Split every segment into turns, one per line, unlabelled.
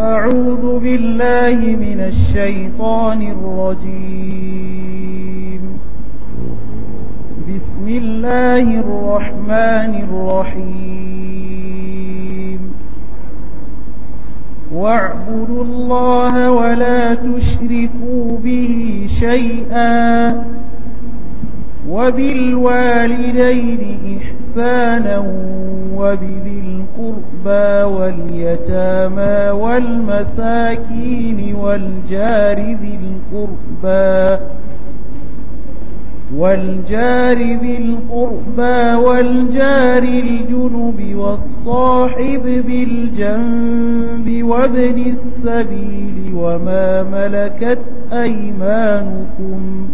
أعوذ بالله من الشيطان الرجيم بسم الله الرحمن الرحيم واعبدوا الله ولا تشركوا به شيئا وبالوالدين إحسانا إحسانا وبذي القربى واليتامى والمساكين والجار ذي القربى والجار ذي القربى والجار الجنب والصاحب بالجنب وابن السبيل وما ملكت أيمانكم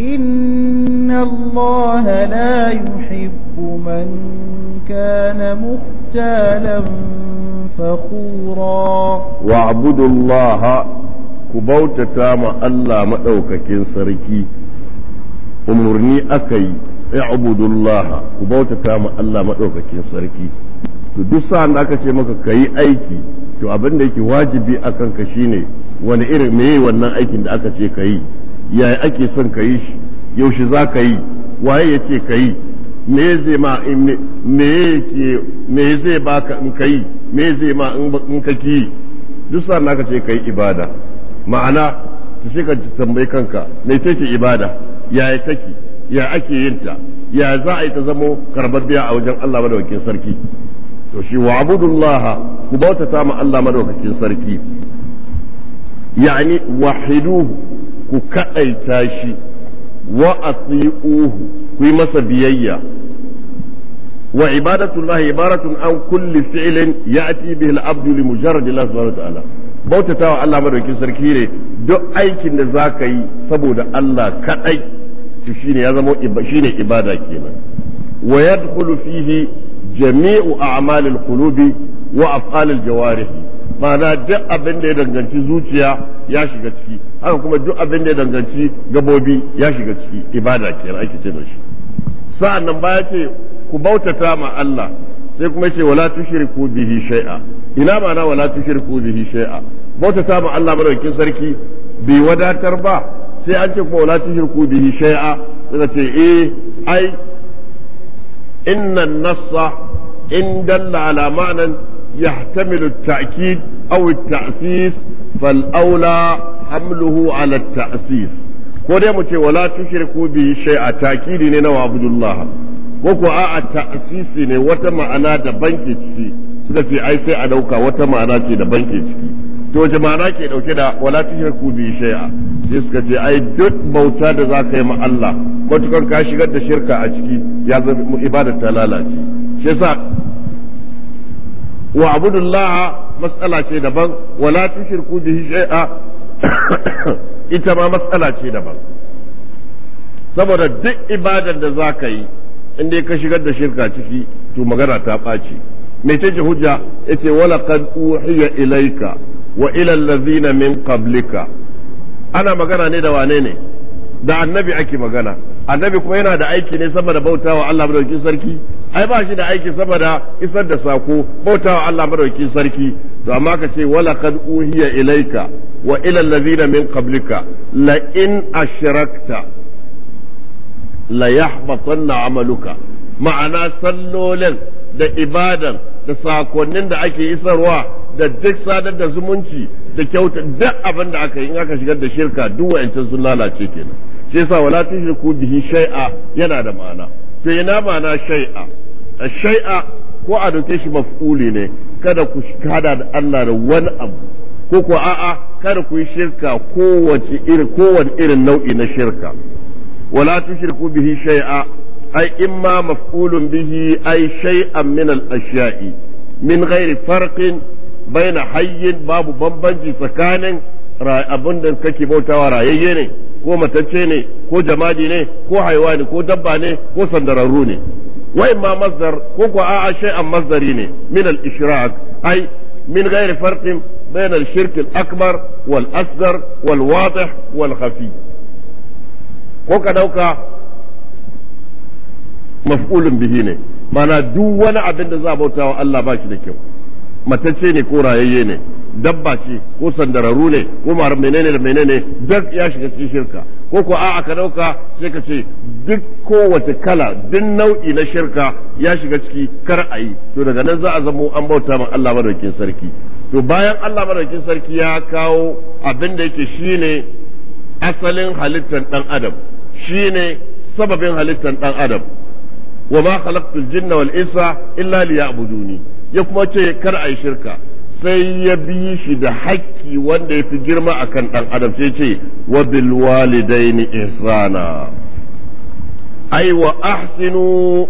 إن الله لا يحب من كان مختالا
فخورا واعبدوا الله كبوتة ما الله مدوككين umarni aka yi ya'budullah ku bautata ma Allah madaukakin sarki duk sa'an da aka ce maka kayi aiki to abin da yake wajibi akan ka shine wani irin meye wannan aikin da aka ce kayi yaya ake son ka yi shi yaushe za ka yi waye ya ce ka yi me zai ma ka baka in ka yi me zai ma in ka ki duk sa na ka ce ka yi ibada ma'ana ta ka tambayi kanka me ce ke ibada yaya take ya ake yin ta ya za a yi ta zamo biya a wajen Allah madawakin sarki to shi wa abudullaha ku bautata ma Allah madawakin sarki yani wahiduhu ku kaɗaita shi wa uhu ku yi masa biyayya wa ibadatullah ibaratun an kulli fi'lin ya'ti bihi al-abdu li mujarrad Allah subhanahu wa ta'ala bautatawa Allah madaukakin sarki ne duk aikin da zaka yi saboda Allah kadai to shine ya zama shine ibada kenan wa yadkhulu fihi jami'u a'malil qulubi wa af'alil jawarihi ma'ana duk abin da ya danganci zuciya ya shiga ciki haka kuma duk abin da ya danganci gabobi ya shiga ciki ibada kenan ake ce shi sa'an nan baya ce ku bautata ma Allah sai kuma ce wala tushriku bihi shay'a ina ma'ana wala tushriku bihi shay'a bautata ma Allah madaukakin sarki bai wadatar ba sai an ce kuma wala tushriku bihi shay'a sai ce eh ai inna nassa in dalla ala ma'nan يحتمل التأكيد أو التأسيس فالأولى حمله على التأسيس كوريا متي ولا تشركوا به takidi تأكيد نينا عبد الله koko a a ta'asisi ne wata ma'ana da banke ciki suka ce ai sai a dauka wata ma'ana ce da banke ciki to wace ma'ana ke dauke da wala tushriku bi shay'a sai suka ce ai duk bauta da za ka yi ma Allah matukar ka shigar da shirka a ciki ya zama ibada ta lalace shi yasa wa abudullaha matsala ce daban wala tushirku bihi shay'a ita ma matsala ce daban saboda duk ibadar da za ka yi in dai ka shigar da shirka ciki to magana ta ɓaci ce hujja yace wala qad uhiya ilaika wa ila allazina min qablika ana magana ne da wane ne da annabi ake magana annabi kuma yana da aiki ne saboda bautawa Allah madaukakin sarki ai ba shi da aiki saboda isar da sako bautawa Allah madaukakin sarki to amma ka ce wala kad uhiya ilaika wa ila allazina min qablika la in ashrakta la yahbatanna amaluka ma'ana sallolin da ibadan da sakonnin da ake isarwa da duk sadar da zumunci da kyauta duk abin da aka yi in aka shigar da shirka duk wa'ancan sun lalace kenan sai sa wala tushriku bihi shay'a yana da ma'ana to yana ma'ana shay'a shay'a ko a dauke shi maf'uli ne kada ku hada da Allah da wani abu ko ko a'a kada ku yi shirka kowace irin kowace irin nau'i na shirka wala tushriku bihi shay'a ai imma maf'ulun bihi ai shay'an min al-ashya'i min ghairi farqin baina hayyin babu bambanci tsakanin abin da kake bautawa rayayye ne ko matacce ne ko jamadi ne ko haiwani ko dabba ne ko sandararru ne Wai ma masdar ko ko a'a shay'an masdari ne min al ai min ghairi farqin bain al shirk al akbar wal asghar wal wadih wal khafi ko ka dauka maf'ulun bihi ne mana duk wani abin da za a wa Allah ba shi da kyau matacce ne ko rayayye ne dabba ce ko sandararu ne ko mara menene da menene duk ya shiga cikin shirka ko ko a'a ka dauka sai ka ce duk kowace kala duk nau'i na shirka ya shiga ciki kar a yi to daga nan za a zamo an bauta ma Allah madaukakin sarki to bayan Allah madaukakin sarki ya kawo abin da yake shine asalin halittar dan adam shine sababin halittar dan adam wa ma khalaqtul jinna wal insa illa liya'buduni ya kuma ce kar a yi shirka sai ya bi shi da haƙƙi wanda ya fi girma a kan ɗan adam sai ce wa bil ihsana ai wa ahsinu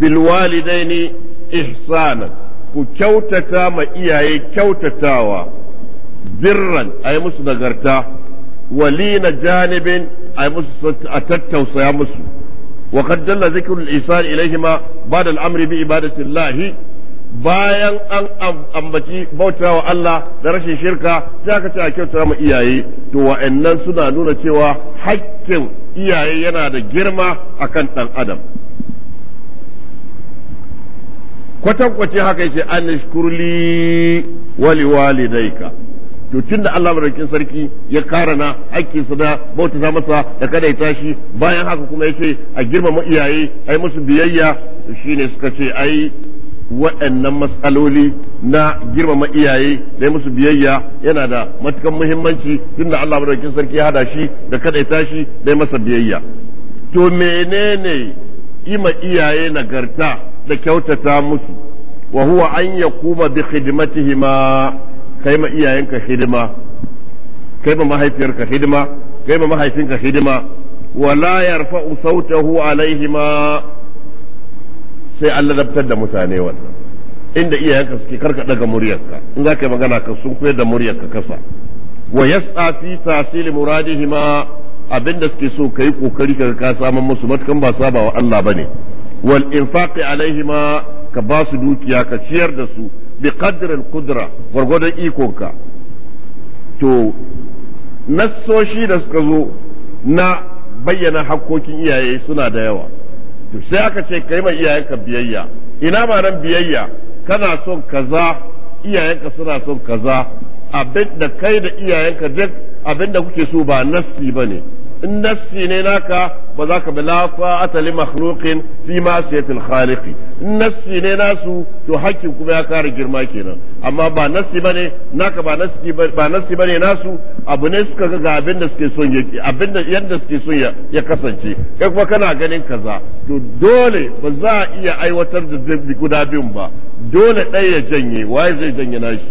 bil walidaini ihsana ku kyautata ma iyaye kyautatawa birran ai musu nagarta walina janibin ai musu a tattausaya musu وقد دل ذكر الإحسان إليهما بعد الأمر bi ibadatillahi bayan an ambaci bauta wa Allah da rashin shirka sai aka ce a kyauta mu iyaye to wa'annan suna nuna cewa hakkin iyaye yana da girma akan ɗan adam kwatankwace haka yake an shkurli wali walidaika to tun da Allah madaukakin sarki ya karana su da bauta masa da kada ya tashi bayan haka kuma yace ce a girmama iyaye ai musu biyayya shine suka ce ai waɗannan matsaloli na girmama iyaye da musu biyayya yana da matukan muhimmanci tunda Allah madaukakin sarki ya hada shi da kada ya shi da masa biyayya to menene ima iyaye nagarta da kyautata musu wa huwa an yakuma bi khidmatihima kai ma iyayenka hidima kai ma mahaifiyarka hidima kai ma mahaifinka hidima wala yarfa'u sautahu alaihima sai an ladabtar da mutane wannan inda iyayenka suke karka daga muryarka in za ka yi magana ka sun koyar da muryarka kasa wa yas'a fi tahsil muradihima abinda suke so kai kokari ka ka samun musu matukan ba saba wa Allah bane wal infaqi alaihima ka ba su dukiya ka ciyar da su bi qadri al qudra gwargwadon ikonka to nassoshi da suka zo na bayyana hakkokin iyaye suna da yawa sai aka ce ka yi ma iyayenka biyayya ina ma nan biyayya kana son kaza iyayenka suna son kaza abin da kai da iyayenka duk abin da kuke so ba nassi bane in nafsi ne naka ba za ka bi la li makhluqin fi al khaliq in nafsi ne nasu to hakkin kuma ya kare girma kenan amma ba nafsi bane naka ba nafsi ba nafsi bane nasu abu ne suka ga abin da suke son ya abin da yadda suke son ya kasance kai kuma kana ganin kaza to dole ba za a iya aiwatar da zai guda biyun ba dole ɗaya ya janye waye zai janye nashi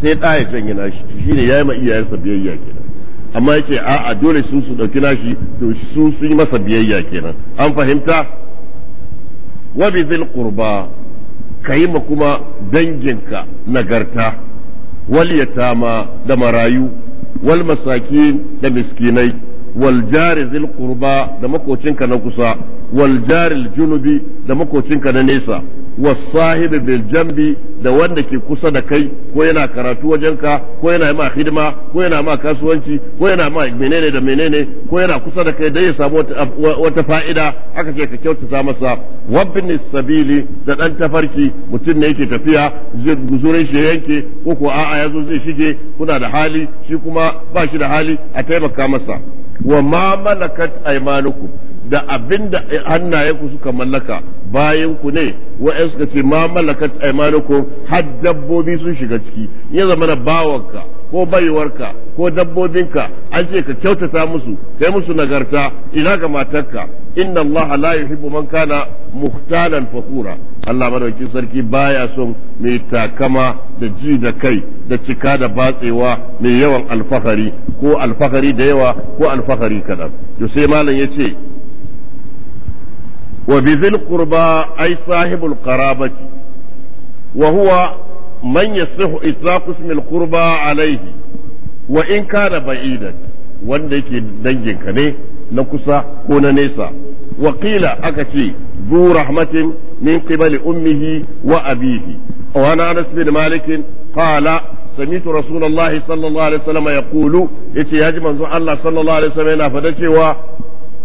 sai ɗaya ya janye nashi shine yayi ma iyayensa biyayya ke amma yake a'a dole sun su dauki nashi to su sun yi masa biyayya kenan an fahimta wa bi zil qurba kai ma kuma danginka nagarta wal yatama da marayu wal masakin da miskinai wal jari zil qurba da makocinka na kusa wal jari junubi da makocinka na nesa wasahibi bil jambi da wanda ke kusa da kai ko yana karatu wajenka ko yana ma hidima ko yana ma kasuwanci ko yana ma menene da menene ko yana kusa da kai dai ya samu wata fa'ida aka ce ka kyautata masa wabbin sabili da dan tafarki mutum ne yake tafiya zai guzurin shi yanke ko ko a'a yazo zai shige kuna da hali shi kuma ba shi da hali a taimaka masa wa ma malakat aymanukum da abin da hannayenku suka mallaka bayanku ne wa'yan suka ce ma malakat aimanukum har dabbobi sun shiga ciki ya zama na bawanka ko baiwarka ko dabbobinka an ce ka kyautata musu kai musu nagarta ina ga matarka inna Allah la yuhibbu man kana muhtalan fakura Allah madaukakin sarki baya son mai takama da ji da kai da cika da batsewa mai yawan alfahari ko alfahari da yawa ko alfahari kadan to sai malam yace wa bizil kurba ay sahibul karabati wa huwa man yasihu itlaqu ismil qurba alayhi wa in kana ba'idan wanda yake danginka ne na kusa ko na nesa wakila aka ce zu rahmatin min qibali ummihi wa abihi wa ana anas bin malik kala samitu rasulullahi sallallahu alaihi wasallam yaqulu yace yaji manzo Allah sallallahu alaihi wasallam yana fada cewa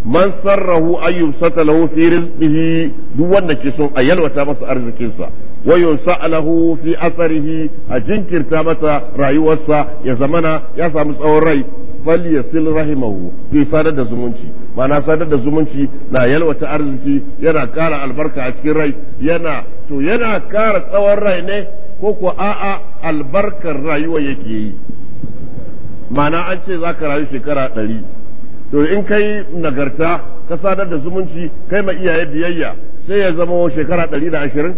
man sarrahu an yumsaka lahu fi rizqihi duk wanda ke son a yalwata masa arzikinsa wa yunsa lahu fi atharihi a jinkirta masa rayuwarsa ya zamana ya samu tsawon rai fal yasil rahimahu fi sadar da zumunci ma'ana sadar da zumunci na yalwata arziki yana kara albarka a cikin rai yana to yana kara tsawon rai ne ko ko a'a albarkar rayuwa yake yi ma'ana an ce zaka rayu shekara ɗari to in kai nagarta ka sadar da zumunci kai ma iyaye biyayya sai ya zama shekara ɗari da ashirin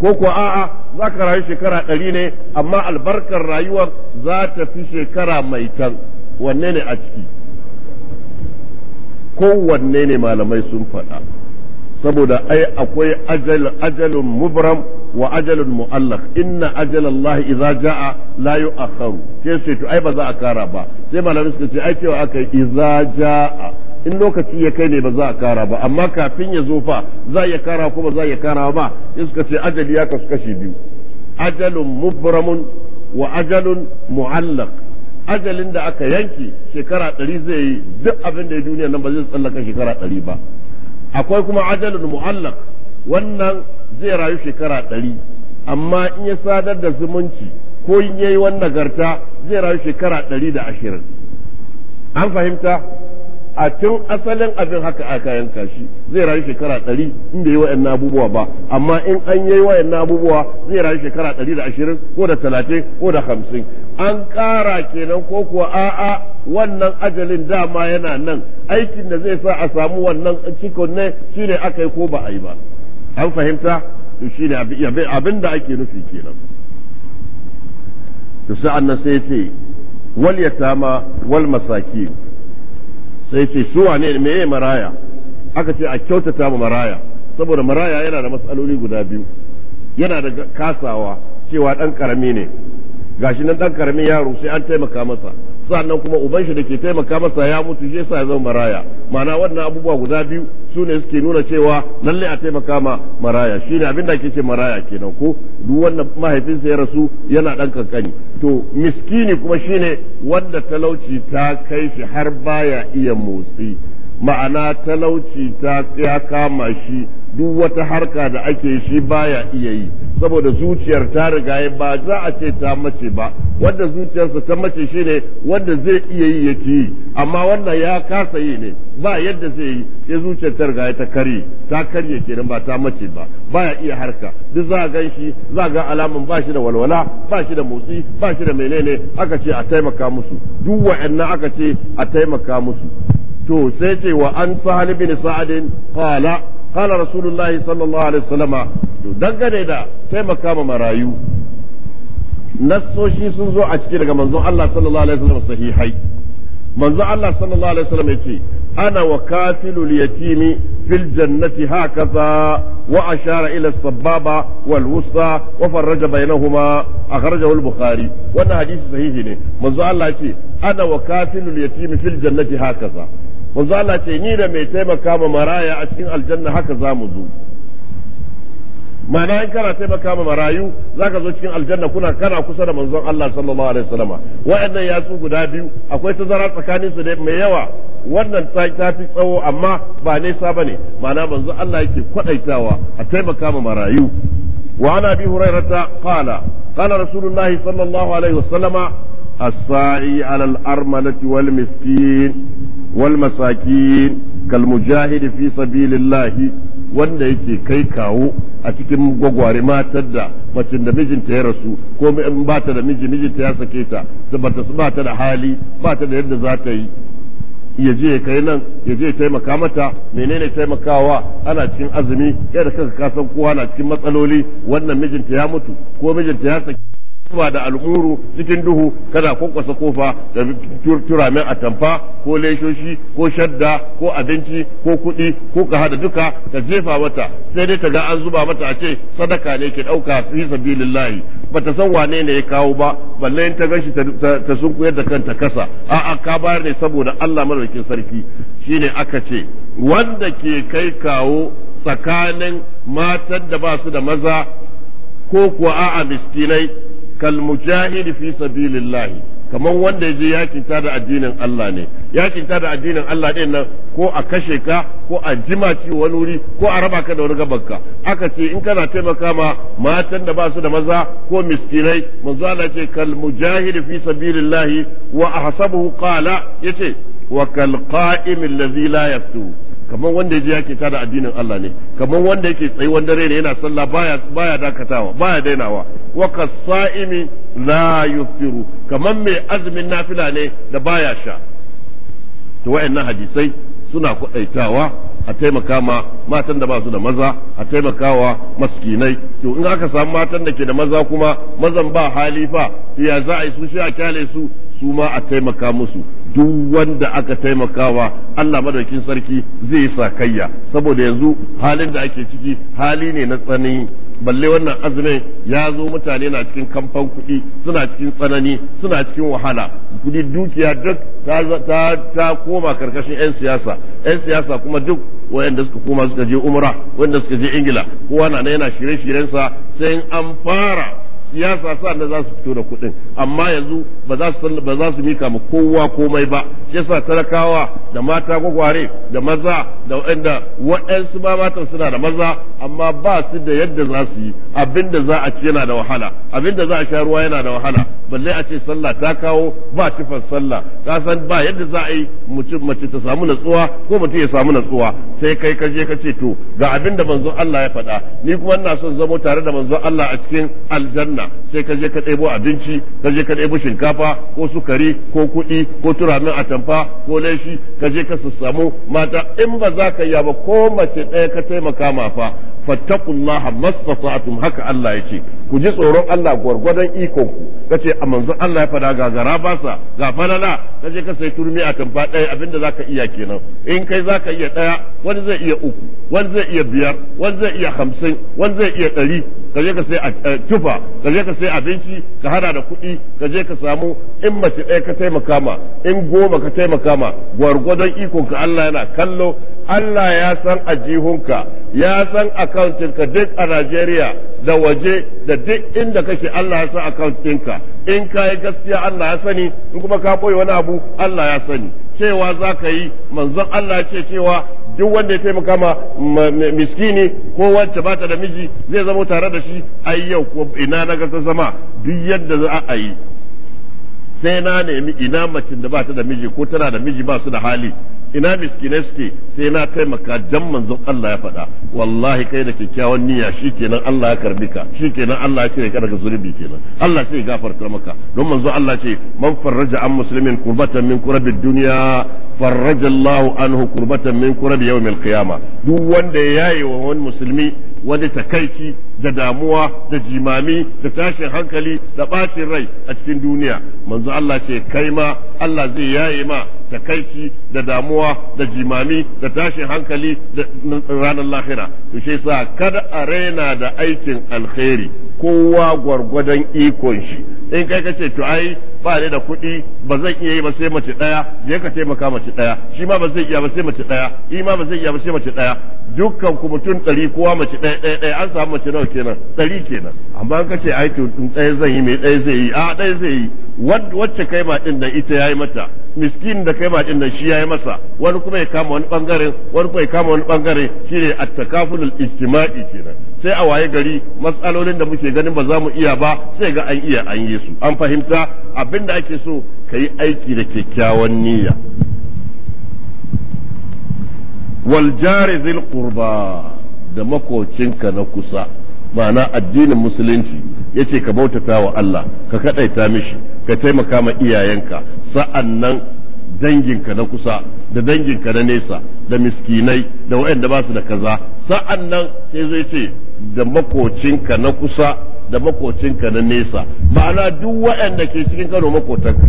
ko kuwa a'a za ka rayu shekara ɗari ne amma albarkar rayuwar za ta fi shekara mai can wanne ne a ciki kowanne ne malamai sun faɗa saboda ai akwai ajal ajalun mubram wa ajalun in inna ajalallahi idza jaa la yu'akhkharu sai sai to ai ba za a kara ba sai malamin suka ce ai cewa aka idza jaa in lokaci ya kai ne ba za a kara ba amma kafin ya zo fa za ya kara ko ba za ya kara ba sai suka ce ajali ya kasu kashi biyu ajalun mubramun wa ajalun mu'allaq ajalin da aka yanke shekara ɗari zai yi duk abin da ya duniya nan ba zai tsallaka shekara ɗari ba akwai kuma ajalin mu'allaq wannan zai rayu shekara ɗari amma in ya sadar da zumunci ko in yayi wannan nagarta zai rayu shekara ɗari da ashirin an fahimta a tun asalin abin haka aka yanka shi zai rayu shekara ɗari in bai yi wa'yan abubuwa ba amma in an yi wa'yan abubuwa zai rayu shekara ɗari da ashirin ko da talatin ko da hamsin an ƙara kenan ko kuwa a'a wannan ajalin dama yana nan aikin da zai sa a samu wannan cikon ne shine aka yi ko ba a yi ba an fahimta shi ne abin da ake nufi kenan da sa'an nan sai ce wal yatama wal masakin sai ce su wane ne meye maraya aka ce a kyautata ma maraya saboda maraya yana da matsaloli guda biyu yana da kasawa cewa ɗan karami ne gashi nan ɗan karamin yaro sai an taimaka masa sannan kuma uban shi da ke taimaka masa ya mutu shi yasa ya zama maraya ma'ana wannan abubuwa guda biyu su ne suke nuna cewa lalle a taimaka ma maraya shine abin da ake ce maraya kenan ko duk wanda mahaifinsa ya rasu yana ɗan kankani to miskini kuma shine wanda talauci ta kai shi har baya iya motsi ma'ana talauci ta ya kama shi duk wata harka da ake shi baya iya yi saboda zuciyar ta riga ba za a ce ta mace ba wanda zuciyarsa ta mace shi ne wanda zai iya yi ya ci amma wannan ya kasa yi ne ba yadda zai yi ya zuciyar ta riga ta karye ta karye kenan ba ta mace ba baya iya harka duk za a gan shi za a ga alaman ba shi da walwala ba shi da motsi ba shi da menene aka ce a taimaka musu duk wa'annan aka ce a taimaka musu to sai ce wa an sahal bin sa'adin qala qala rasulullahi sallallahu alaihi wasallama to dangane da taimaka ma marayu nassoshi sun zo a ciki daga manzon Allah sallallahu alaihi wasallam sahihai manzon Allah sallallahu alaihi wasallam yace ana wa kafilul yatimi fil jannati hakaza wa ashara ila sababa wal wusta wa farraja bainahuma akhrajahu al bukhari wannan hadisi sahihi ne Manzo Allah yace ana wa kafilul yatimi fil jannati hakaza manzo Allah ce ni da mai taimaka ma maraya a cikin aljanna haka za mu zo ma'ana in kana taimaka ma marayu za ka zo cikin aljanna kuna kana kusa da manzon Allah sallallahu alaihi wasallama wa'annan su guda biyu akwai tazara tsakanin su da mai yawa wannan ta fi tsawo amma ba nesa bane ma'ana manzon Allah yake kwadaitawa a taimaka ma marayu Wa وعن bi hurairata qala قال رسول الله صلى الله عليه وسلم الساعي على الارمله والمسكين والمساكين كالمجاهد في سبيل الله wanda yake kai kawo a cikin gwagware matar da macin da mijinta ya rasu ko in ba ta da miji mijinta ya sake ta ba ta da hali ba ta da yadda za ta yi ya je ya kai nan ya je ya taimaka mata menene taimakawa ana cikin azumi kai kanka kasan kowa na cikin matsaloli wannan mijinta ya mutu ko mijinta ya sake kuma da almuru cikin duhu kana kwakwasa kofa da turamin atamfa ko leshoshi ko shadda ko abinci ko kuɗi ko ka hada duka ka jefa mata sai dai ta ga an zuba mata a ce sadaka ne ke ɗauka fi sabilillahi ta san wane ne ya kawo ba balle in ta gashi ta sunkuyar da kanta kasa a'a ka bayar ne saboda Allah madaukin sarki shine aka ce wanda ke kai kawo tsakanin matan da ba su da maza ko kuwa a'a miskinai kalmujahidi fi sabilillahi kamar wanda ya je yakin da addinin Allah ne yakin da addinin Allah din nan ko a kashe ka ko a jima ci wani wuri ko a raba ka da wani gabanka aka ce in kana taimaka ma matan da ba su da maza ko miskinai manzo Allah ce kalmujahidi fi sabilillahi wa kala qala yace wa kal qa'im allazi la yaftu kamar wanda ya je yake tada addinin Allah ne kamar wanda yake tsayuwan dare ne yana sallah baya baya dakatawa baya dainawa wa qasaimi la yufiru kamar mai azumin nafila ne da baya sha to wayannan hadisai suna kudaitawa a taimaka ma matan da ba su da maza a taimakawa maskinai to in aka samu matan da ke da maza kuma mazan ba hali fa ya za a yi su shi a kyale su su ma a taimaka musu duk wanda aka taimakawa Allah madaukin sarki zai yi sakayya saboda yanzu halin da ake ciki hali ne na tsanani balle wannan azumin ya zo mutane na cikin kamfan kuɗi suna cikin tsanani suna cikin wahala kuɗi dukiya duk ta koma karkashin 'yan siyasa 'yan siyasa kuma duk wayanda suka koma suka je umra wayanda suka je ingila kowa na yana shirye sa sai an fara siyasa sa na za su fito da kuɗin amma yanzu ba za su ba mika mu kowa komai ba shi yasa talakawa da mata gwagware da maza da waɗanda waɗansu ba matan suna da maza amma ba su da yadda za su yi abinda za a ci yana da wahala abinda za a sha ruwa yana da wahala balle a ce sallah ta kawo ba tufan sallah ka san ba yadda za a yi mutum mace ta samu natsuwa ko mutum ya samu natsuwa sai kai ka je ka ce to ga abinda manzon Allah ya faɗa ni kuma ina son zamo tare da manzon Allah a cikin aljanna sunna sai ka je ka ɗebo abinci ka je ka ɗebo shinkafa ko sukari ko kuɗi ko turamin atamfa ko laishi ka je ka samu mata in ba za ka yi ba ko mace ɗaya ka taimaka ma fa fattakullah mastata'tum haka Allah ce. ku ji tsoron Allah gwargwadon iko ku kace a manzon Allah ya fada gagara ba sa ga falala kaje ka sai turmi a tamfa ɗaya abinda zaka iya kenan in kai zaka iya ɗaya wani zai iya uku wani zai iya biyar wani zai iya hamsin wani zai iya ɗari kaje ka sai eh, tufa ka je ka sai abinci ka hada da kuɗi ka je ka samu in mace ɗaya ka taimaka ma in goma ka taimaka ma gwargwadon ikon ka Allah yana kallo Allah ya san ajihunka ya san akauntinka duk a Najeriya da waje da duk inda kake Allah ya san akauntinka in ka yi gaskiya Allah ya sani in kuma ka ɓoye wani abu Allah ya sani cewa za ka yi manzon Allah ce cewa duk wanda ya taimaka ma miskini ko wacce bata da miji zai zama tare da shi ai yau ko ina na gasa zama duk yadda za a yi sai na nemi ina macin da bata da miji ko tana da miji ba su da hali ina miskinai suke sai na taimaka jan manzon Allah ya faɗa wallahi kai da kyakkyawan niyya shikenan Allah ya karbi ka shikenan Allah ya cire ka daga zunubi kenan Allah sai ya gafarta maka don manzon Allah ce man farraja an muslimin kurbatan min kurabi dunya farraja Allah anhu kurbatan min kurabi yawmil qiyama duk wanda ya yaye wa wani musulmi wani takaici da damuwa da jimami da tashin hankali da bacin rai a cikin duniya manzo Allah ce kai ma Allah zai yaye ma takaici da damuwa kowa da jimami da tashin hankali da ranar lahira to shi sa kada a raina da aikin alkhairi kowa gwargwadon ikon shi in kai kace to ai ba ni da kuɗi ba zan iya yi ba sai mace ɗaya je ka taimaka mace ɗaya shi ma ba zai iya ba sai mace ɗaya i ma ba zai iya ba sai mace ɗaya dukkan ku mutum ɗari kowa mace ɗaya ɗaya ɗaya an samu mace nawa kenan ɗari kenan amma in kace ai to ɗaya zan yi mai ɗaya zai yi a ɗaya zai yi wacce kai ma ɗin da ita yayi mata miskin da kai ma ɗin da shi yayi masa wani kuma ya kama wani bangaren wani kuma ya kama wani bangare shine at-takafulul ijtima'i kenan sai a waye gari matsalolin da muke ganin ba za mu iya ba sai ga an iya an yi su an fahimta abinda ake so kayi aiki da kyakkyawan niyya wal jari zil qurba da makocinka na kusa ma'ana addinin musulunci yace ka bautata wa Allah ka kadaita mishi ka taimaka ma iyayenka sa'annan danginka na kusa da danginka na nesa da miskinai da waɗanda ba su da kaza sa'an nan sai zai ce da makocinka na kusa da makocinka na nesa ma'ana duk waɗanda ke cikin kano makotanka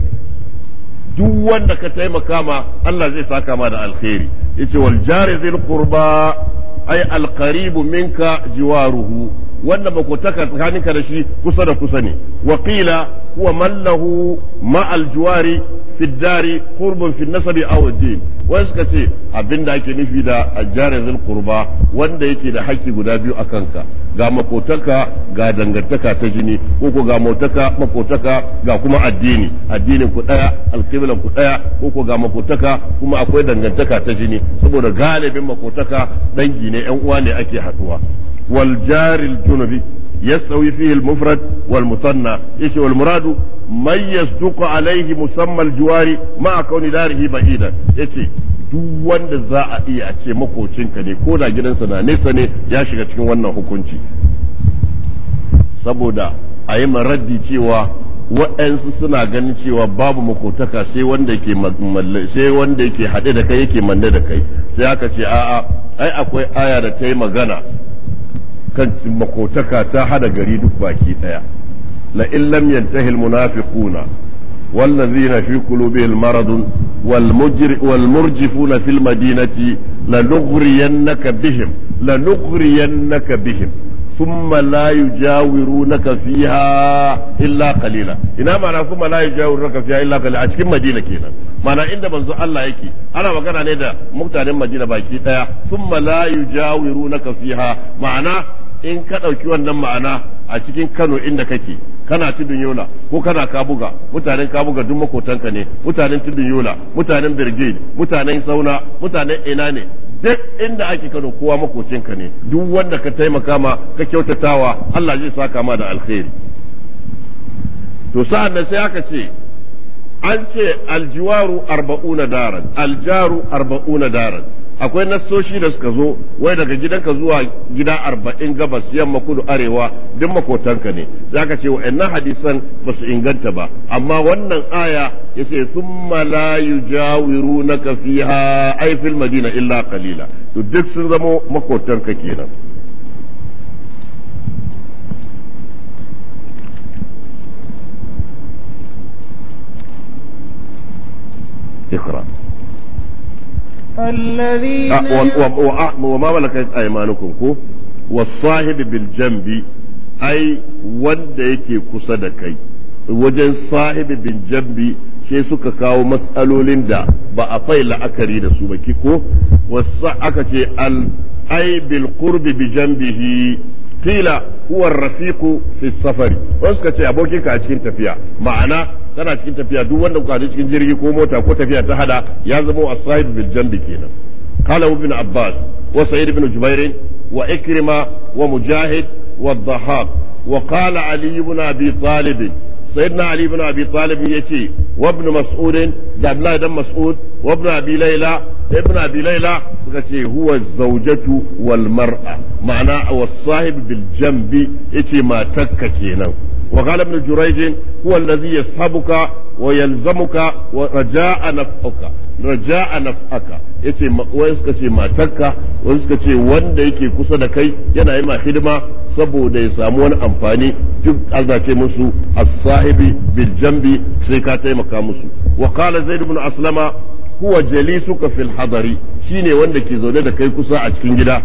duk wanda ka taimaka ma Allah zai saka ma da alkhairi yace wal jari zil qurba ay al qaribu minka jiwaruhu wanda ba ku taka tsakaninka da shi kusa da kusa ne wa qila huwa man lahu ma al jiwari fi dari qurbun fi nasabi aw din wai suka ce abinda ake nufi da ajjari zil qurba wanda yake da haƙƙi guda biyu a kanka ga makotaka ga dangantaka ta jini ko ko ga motaka makotaka ga kuma addini addinin ku daya ku ɗaya ko ko ga makotaka kuma akwai dangantaka ta jini saboda galibin makotaka dangi ne yan uwa ne ake haduwa wal jaril junubi yasawi fihi al mufrad wal musanna yace wal muradu man yasduqu alayhi musamma al juwari ma kauni darihi ba'idan yace duk wanda za a iya a ce makocinka ne ko da gidansa na nesa ne ya shiga cikin wannan hukunci saboda a yi maraddi cewa waɗansu suna ganin cewa babu makotaka sai wanda yake sai wanda haɗe da kai yake manne da kai sai aka ce a'a ai akwai aya da ta yi magana kan makotaka ta hada gari duk baki ɗaya la in lam yantahi almunafiquna والذين في قلوبهم مرض والمجر والمرجفون في المدينة لنغرينك بهم لنغرينك بهم ثم لا يجاورونك fiha illa قليلا ina ma'ana kuma la yujawirunaka fiha illa qalila a cikin madina kenan ma'ana inda banzo Allah yake ana magana ne da mutanen madina baki daya thumma la yujawirunaka fiha ma'ana in ka ɗauki wannan ma'ana a cikin Kano inda kake kana tudun yola ko kana kabuga mutanen kabuga duk makotanka ne mutanen tudun yola mutanen Birgin, mutanen sauna mutanen ina ne duk inda ake kano kowa makocin ka ne duk wanda ka taimaka ma ka kyautatawa Allah zai saka ma da alkhairi to sa'an nan sai aka ce an ce aljiwaru arba'una daran aljaru arba'una daran akwai nassoshi da suka zo wai daga gidanka zuwa gida arba'in gabas yamma kudu arewa duk makotanka ne za ka ce wa'annan hadisan ba su inganta ba amma wannan aya ya ce summa la jawiru na fiha ai fil madina illa qalila to duk sun zamo makotanka kenan
الذين
وما ملكت أيمانكم كو wanda yake kusa da kai wajen sahibi bin jambi sai suka kawo matsalolin da ba a fai la'akari da su ba ko wasa aka ce al ai bil qurbi bi jambihi qila huwa rafiqu fi safari wasu suka ce abokinka a cikin tafiya ma'ana tana cikin tafiya duk wanda kuka cikin jirgi ko mota ko tafiya ta hada ya zama a sahib bil kenan qala ibn abbas wa sa'id ibn jubair wa ikrima wa mujahid wa dhahab wa qala ali ibn abi talib سيدنا علي بن ابي طالب يتي وابن مسعود ده عبد مسعود وابن ابي ليلى ابن ابي ليلى هو الزوجة والمرأة معناه والصاحب بالجنب يتي ما تك وقال ابن جريج هو الذي يصحبك ويلزمك ورجاء نفعك رجاء نفعك yace wai suka ce matarka wai suka ce wanda yake kusa da kai yana yi ma hidima saboda ya samu wani amfani duk azace musu as-sahibi bil jambi sai ka taimaka musu wa qala zaid ibn aslama huwa jalisuka fil hadari shine wanda ke zaune da kai kusa a cikin gida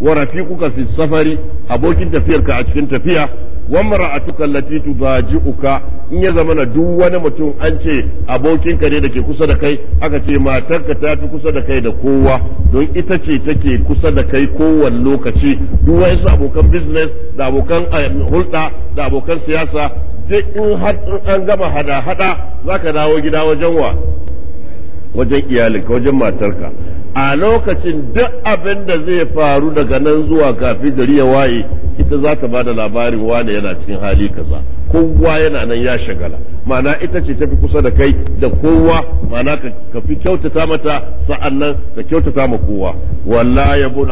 wa rafiquka fi safari abokin tafiyarka a cikin tafiya wa mara'atuka allati tudaji'uka in ya zamana duk wani mutum an ce abokinka ne dake kusa da kai aka ce matarka ta fi kusa da kai da kowa don ita ce take kusa da kai kowane lokaci duk wasu abokan business da abokan eh, hulɗa da abokan siyasa duk in an gama hada hada zaka dawo gida wajen wa wajen iyalinka wajen matarka a lokacin duk abin da zai faru daga nan zuwa kafin gari ya waye ita za ta da labarin wane yana cikin hali kaza kowa yana nan ya shagala ma'ana ita ce tafi kusa da kai da kowa ma'ana ka fi kyautata mata sa'an nan ka kyautata ma kowa walla ya bu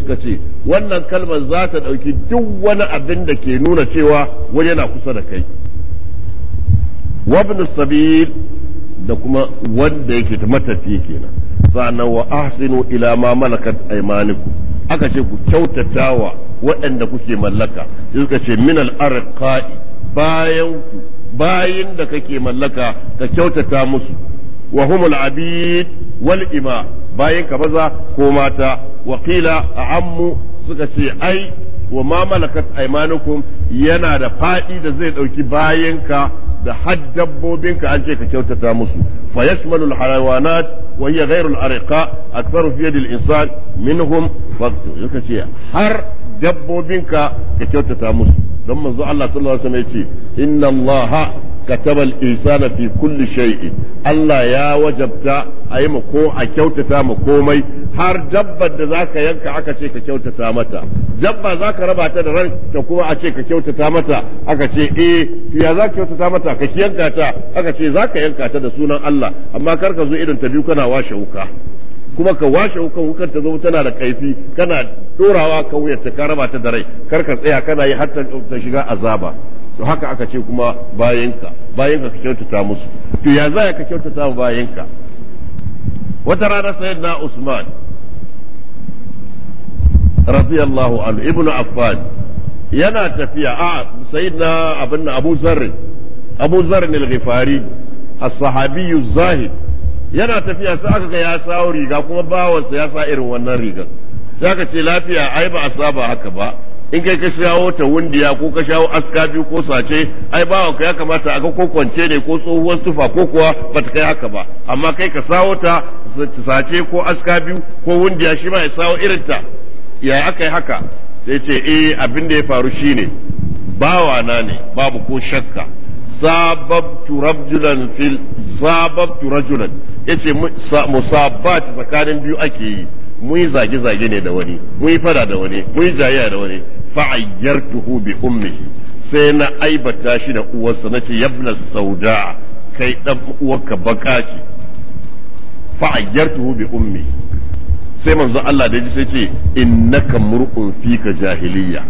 suka ce wannan kalmar za ta ɗauki duk wani abin da ke nuna cewa wani yana kusa da kai wabnu sabil da kuma wanda yake ta matafi kenan sa'annan wa ahsinu ila ma malakat aymanukum aka ce ku kyautata wa waɗanda kuke mallaka sai suka ce min al-arqa'i bayan ku bayin da kake mallaka ka kyautata musu wa humul abid wal ima bayin ka maza ko mata wa qila ammu suka ce ai wa ma malakat aymanukum yana da fadi da zai dauki ka. da haddabbobinka an ce ka kyautata musu fa yashmalu alhayawanat wa hiya ghayru alariqa aktharu fi yadi alinsan insan minhum fa ce har dabbobinka ka kyautata musu don manzo Allah sallallahu alaihi wasallam yace inna Allah kataba al-ihsana fi kulli shay'in Allah ya wajabta a yi ko a kyautata ma komai har dabbar da zaka yanka aka ce ka kyautata mata dabba zaka raba ta da ran ta kuma a ce ka kyautata mata aka ce eh ya zaka kyautata mata ka yanka ta aka ce zaka yanka ta da sunan Allah amma kar ka zo idan ta biyu kana washe wuka kuma ka washe wukan wukan ta zo tana da kaifi kana dorawa ka wuyarta ka karaba ta da rai kar ka tsaya kana yi har ta shiga azaba to haka aka ce kuma bayanka bayanka ka kyautata musu to ya za ka kyautata mu bayanka wata rana na usman radiyallahu anhu ibnu affan yana tafiya a sayyidina abin abu zarri abu zarri al-ghifari as-sahabiyyu zahid yana tafiya sai aka ga ya sawo riga kuma bawansa ya sa irin wannan rigar sai aka ce lafiya ai ba a saba haka ba in kai ka shawo ta wundiya ko ka shawo askafi ko sace ai bawa ka ya kamata a ga ko kwance ne ko tsohuwar tufa ko kuwa ba ta kai haka ba amma kai ka sawo ta sace ko biyu ko wundiya shi ma ya sawo irin ta ya aka yi haka sai ce eh abin da ya faru shine bawa na ne babu ko shakka sababtu rabjulan fil sababtu rajulan yace musabbat tsakanin biyu ake yi mu yi zage-zage ne da wani mun yi fada da wani mun yi jayayya da wani fa'ayyartuhu bi ummihi sai na aibata shi da uwarsa nace yabna sauda kai dan uwarka baka ce fa'ayyartuhu bi ummihi sai manzo Allah da ji sai ce innaka mur'un fika jahiliya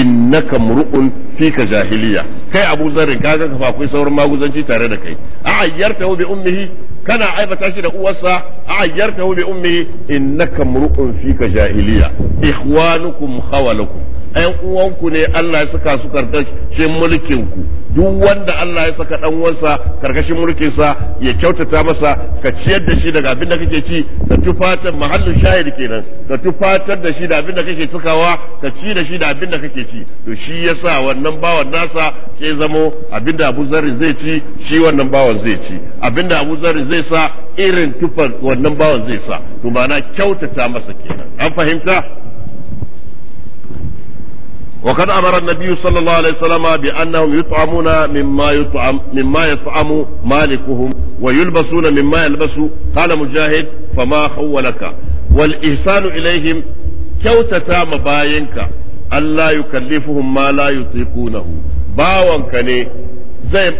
innaka mur'un fika jahiliya kai Abu Zarri kaga ka akwai sauran maguzanci tare da kai a ayyartahu bi ummihi kana aibata shi da uwarsa a ayyartahu bi ummihi innaka mur'un fika jahiliya ihwanukum khawalukum ɗan uwanku ne Allah ya saka su karkashin mulkin ku duk wanda Allah ya saka dan uwansa karkashin mulkin sa ya kyautata masa ka ciyar da shi daga abin da kake ci ka tufatar mahallin shahid kenan ka tufatar da shi da abin da kake tukawa ka ci da shi da abin da kake ci to shi yasa wannan bawan nasa sai zamo abin da Abu Zarri zai ci shi wannan bawan zai ci abin da Abu Zarri zai sa irin tufar wannan bawan zai sa to ma'ana kyautata masa kenan an fahimta وقد أمر النبي صلى الله عليه وسلم بأنهم يطعمون مما يطعم مما يطعم مالكهم ويلبسون مما يلبس قال مجاهد فما خولك والإحسان إليهم كوتتا مباينك ألا يكلفهم ما لا يطيقونه باوانك ne zai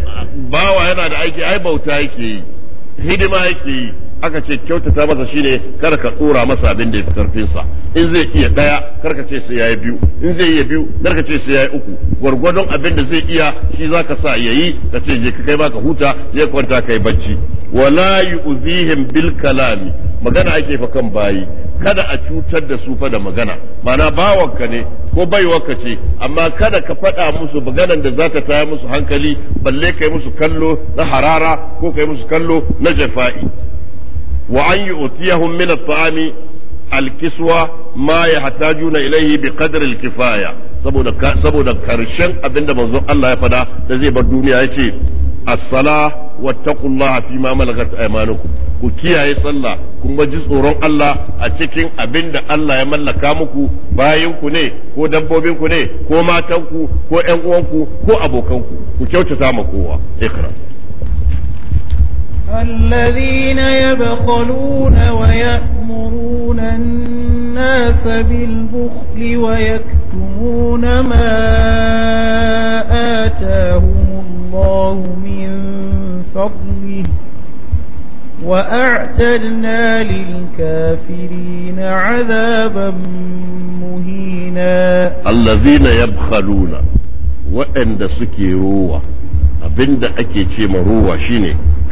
bawa yana da aiki ai bauta yake yi hidima yake yi aka ce kyautata masa shine kar ka tsora masa abin da ya fi sa in zai iya daya kar ka ce sai yayi biyu in zai iya biyu kar ka ce sai yayi uku gwargwadon abin da zai iya shi zaka sa yayi ka ce je ka kai ma ka huta ya kwanta kai bacci wala yu'zihim bil kalami magana ake fa kan bayi kada a cutar da su fa da magana mana bawanka ne ko baiwarka ce amma kada ka faɗa musu maganan da zaka taya musu hankali balle kai musu kallo na harara ko kai musu kallo na jafa'i wa an yu'tiyahum min at-ta'ami alkiswa ma ya juna ilaihi bi qadri kifaya saboda saboda karshen abinda manzon Allah ya fada da zai bar duniya yace as-sala wattaqullaha fi ma malakat aymanukum ku kiyaye sallah kuma ji tsoron Allah a cikin abinda Allah ya mallaka muku bayan ku ne ko dabbobin ku ne ko matanku ko ƴan uwanku ko abokanku ku kyautata ma kowa ikra
الذين يبخلون ويأمرون الناس بالبخل ويكتمون ما آتاهم الله من فضله وأعتدنا للكافرين عذابا مهينا الذين
يبخلون وأن سكي روى abinda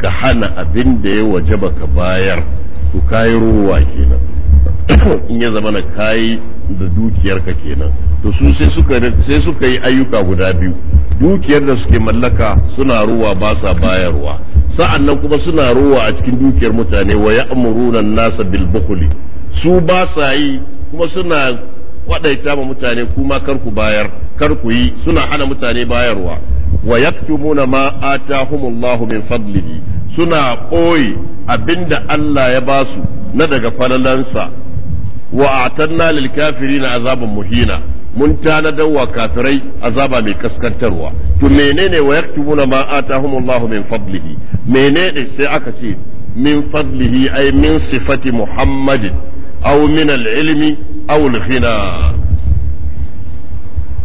ka hana abin da ya waje baka bayar to kayi ruwa kenan in ya zama na kayi da dukiyarka kenan to su sai suka sai suka yi ayyuka guda biyu dukiyar da suke mallaka suna ruwa ba sa bayarwa sa'annan kuma suna ruwa a cikin dukiyar mutane wa ya'muruna nasa bil bukhli su ba sa yi kuma suna kwadaita ma mutane kuma kar ku bayar kar ku yi suna hana mutane bayarwa wa yaktumuna ma atahumullahu min fadlihi suna koyi abinda Allah ya basu na daga falalansa wa atanna lil kafirina azaban muhina mun tanadar wa kafirai azaba mai kaskantarwa to menene wa yaktumuna ma atahumullahu min fadlihi menene sai aka ce min fadlihi ay min sifati muhammadin aw min al-ilmi aw al-ghina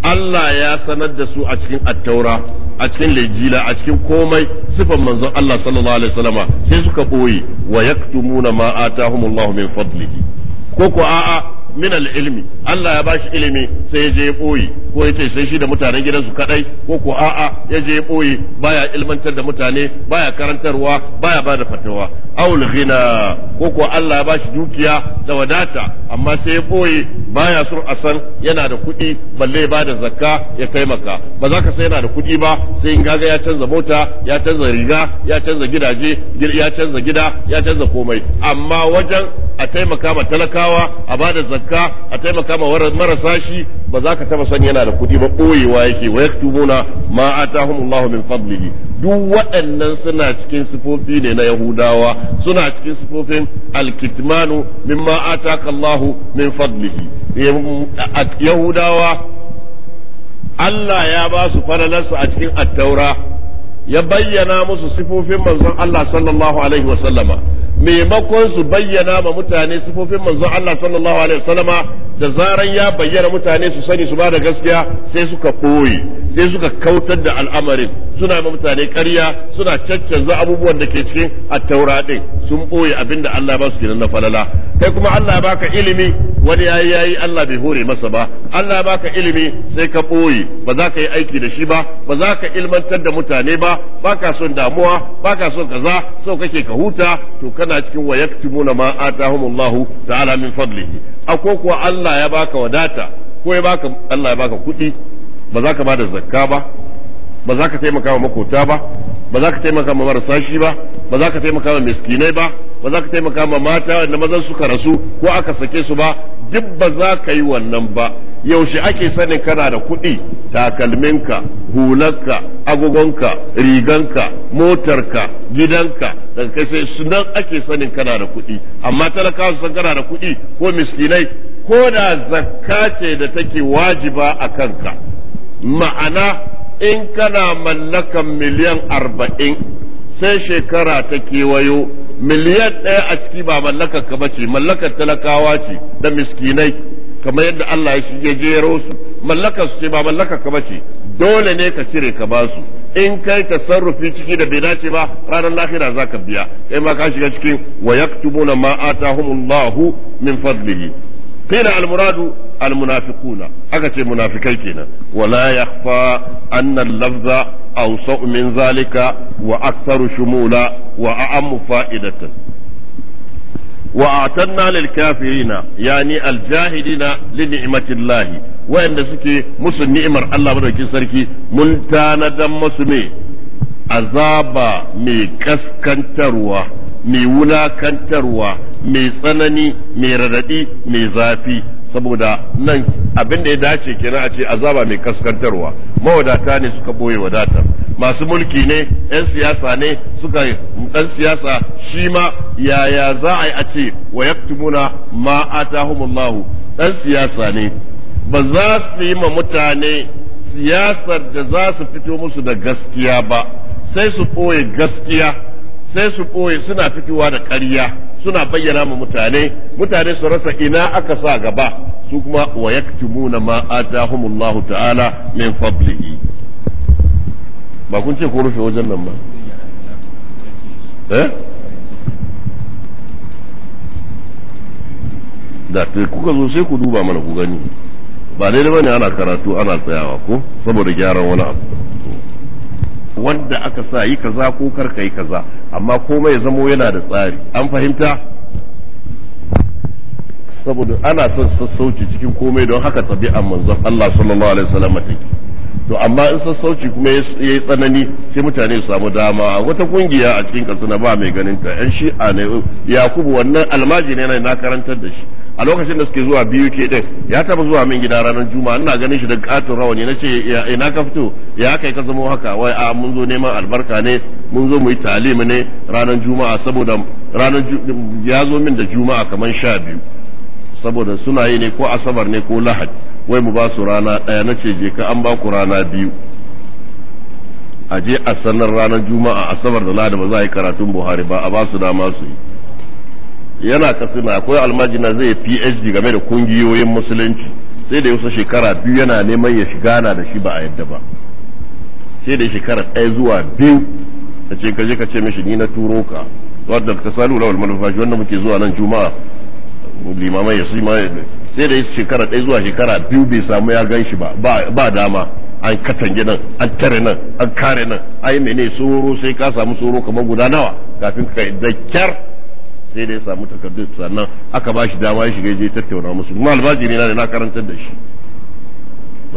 Allah ya sanar da su a cikin attaura a cikin lejila a cikin komai sifan manzon Allah sallallahu alaihi wasallama sai suka boye wa yaktumuna ma atahumullahu min fadlihi ko ko a'a min al-ilmi Allah ya bashi ilimi sai ya je ya boye ko ya ce sai shi da mutanen gidansu kadai ko ko a'a ya je ya boye baya ilmantar da mutane baya karantarwa baya ba da fatawa awul ghina ko ko Allah ya bashi dukiya da wadata amma sai ya boye baya sur asan yana da kuɗi balle ba da zakka ya taimaka ba za ka sai yana da kuɗi ba sai in gaga ya canza mota ya canza riga ya canza gidaje ya canza gida ya canza komai amma wajen a taimaka ma talakawa a ba da zakka zakka a taimaka ma marasa shi ba za ka taba san yana da kuɗi ba ɓoyewa yake wa yaktumuna ma atahumullahu min fadlihi duk waɗannan suna cikin sifofi ne na yahudawa suna cikin sifofin alkitmanu mimma ataka Allahu min fadlihi yahudawa Allah ya ba su falalarsa a cikin attaura ya bayyana musu sifofin manzon Allah sallallahu alaihi wa sallama maimakon su bayyana ma mutane sifofin manzon Allah sallallahu alaihi wasallama da zaran ya bayyana mutane su sani su ba da gaskiya sai suka ɓoye sai suka kautar da al'amarin suna ma mutane ƙarya suna caccanza abubuwan da ke cikin attauraɗin ɗin sun ɓoye abin da Allah ba su ginin na falala kai kuma Allah baka ilimi wani yayi yayi Allah bai hore masa ba Allah baka ilimi sai ka ɓoye ba za ka yi aiki da shi ba ba za ka ilmantar da mutane ba ba ka son damuwa ba ka son kaza so kake ka huta to kana cikin wa yaktumuna ma atahumullahu ta'ala min fadlihi Akwai kuwa Allah Allah ya baka wadata ko ya baka Allah ya baka kuɗi ba za ka bada zakka ba ba za ka taimaka wa makota ba ba za ka taimaka wa marasa shi ba ba za ka taimaka wa miskinai ba ba za ka taimaka wa mata wanda mazan ka rasu ko aka sake su ba duk ba za ka yi wannan ba yaushe ake sanin kana da kuɗi takalminka hularka agogonka riganka motarka gidanka daga kai sai sunan ake sanin kana da kuɗi amma talaka su san kana da kuɗi ko miskinai ko da zakka ce da take wajiba a kanka ma'ana in kana mallakan miliyan arba'in sai shekara ta kewayo miliyan ɗaya a ciki ba mallakar ka bace mallakar talakawa ce da miskinai kamar yadda Allah ya jero su mallakar su ce ba mallakar ka bace dole ne ka cire ka ba su in kai tasarrufi ciki da bai dace ba ranar lahira za ka biya kai ma ka shiga cikin wa yaktubuna ma atahumullahu min fadlihi قيل المراد المنافقون أكتش منافقين كنا ولا يخفى أن اللفظ أوسع من ذلك وأكثر شمولا وأعم فائدة وأعتدنا للكافرين يعني الجاهدين لنعمة الله وإن سكي مسن نعمة الله بدك سركي من تانا مسمي azaba mai kaskantarwa mai wulakantarwa mai tsanani mai radadi mai zafi saboda nan abin da ya dace kenan a ce azaba mai kaskantarwa mawadata ne suka boye wadata masu mulki ne 'yan siyasa ne suka dan siyasa shi ma yaya za a yi a ce wa yaktumuna ma atahumullahu dan siyasa ne ba za su yi ma mutane siyasar da za su fito musu da gaskiya ba sai su ɓoye gaskiya sai su ɓoye suna fitowa da ƙarya suna bayyana ma mutane mutane su rasa ina aka sa gaba su kuma wa yaktumuna ma atahumullahu ta'ala min fadlihi ba kun ce ko rufe wajen nan ba eh da kuka zo sai ku duba mana ku gani ba dai-dai ba bane ana karatu ana tsayawa ko saboda gyaran wani abu wanda aka sa yi kaza ko karka yi kaza amma komai ya zamo yana da tsari an fahimta saboda ana son sassauci cikin komai don haka tabi'an manzon Allah sallallahu alaihi wasallam take to amma in sassauci kuma yayi tsanani sai mutane su samu dama wata kungiya a cikin na ba mai ganin ta yan shi'a ne Yakubu wannan almaji ne na karantar da shi a lokacin da suke zuwa biyu ke din ya taba zuwa min gida ranar juma'a ina ganin shi da katon rawani nace ce ina ka fito ya kai ka zamo haka wai a mun zo neman albarka ne mun zo mu yi talimi ne ranar juma'a saboda ranar ya zo min da juma'a kamar sha biyu saboda suna yi ne ko asabar ne ko lahad wai mu ba su rana ɗaya na ce je ka an ba ku rana biyu a je a sanar ranar juma'a asabar da lahadi ba za a yi karatun buhari ba a ba su dama su yi yana kasina akwai almajina zai yi phd game da kungiyoyin musulunci sai da yusa shekara biyu yana neman ya shiga na da shi ba a yadda ba sai da shekara ɗaya zuwa biyu ta ce ka je ka ce mishi ni na turo ka wadda ta salu lawal manufashi wanda muke zuwa nan juma'a limamai ya ma sai da shekara ɗaya zuwa shekara biyu bai samu ya gan shi ba ba dama an katange nan an tare nan an kare nan ai mene tsoro sai ka samu tsoro kamar guda nawa kafin ka da kyar sai da ya samu takardu sannan aka ba shi dama ya shiga je tattauna musu kuma albajiri na da na karantar da shi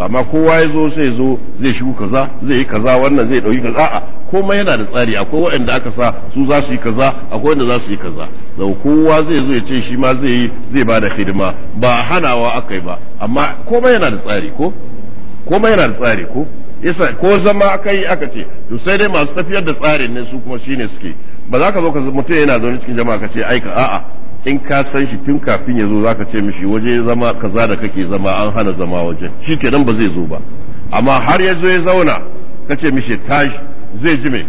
amma kowa ya zo sai zo zai shigo kaza zai yi kaza wannan zai dauki kaza a'a komai yana da tsari akwai waɗanda aka sa su za su yi kaza akwai wanda za su yi kaza da kowa zai zo ya ce shi ma zai yi zai ba da hidima ba hanawa aka yi ba amma komai yana da tsari ko komai yana da tsari ko yasa ko zama aka yi aka ce to sai dai masu tafiyar da tsarin ne su kuma shine suke ba za ka zo ka mutum yana zaune cikin jama'a ka ce aika a'a in ka san shi tun kafin ya zo zaka ce mishi waje zama kaza da kake zama an hana zama wajen shi kenan ba zai zo ba amma har ya zo ya zauna ka ce mishi tashi zai ji me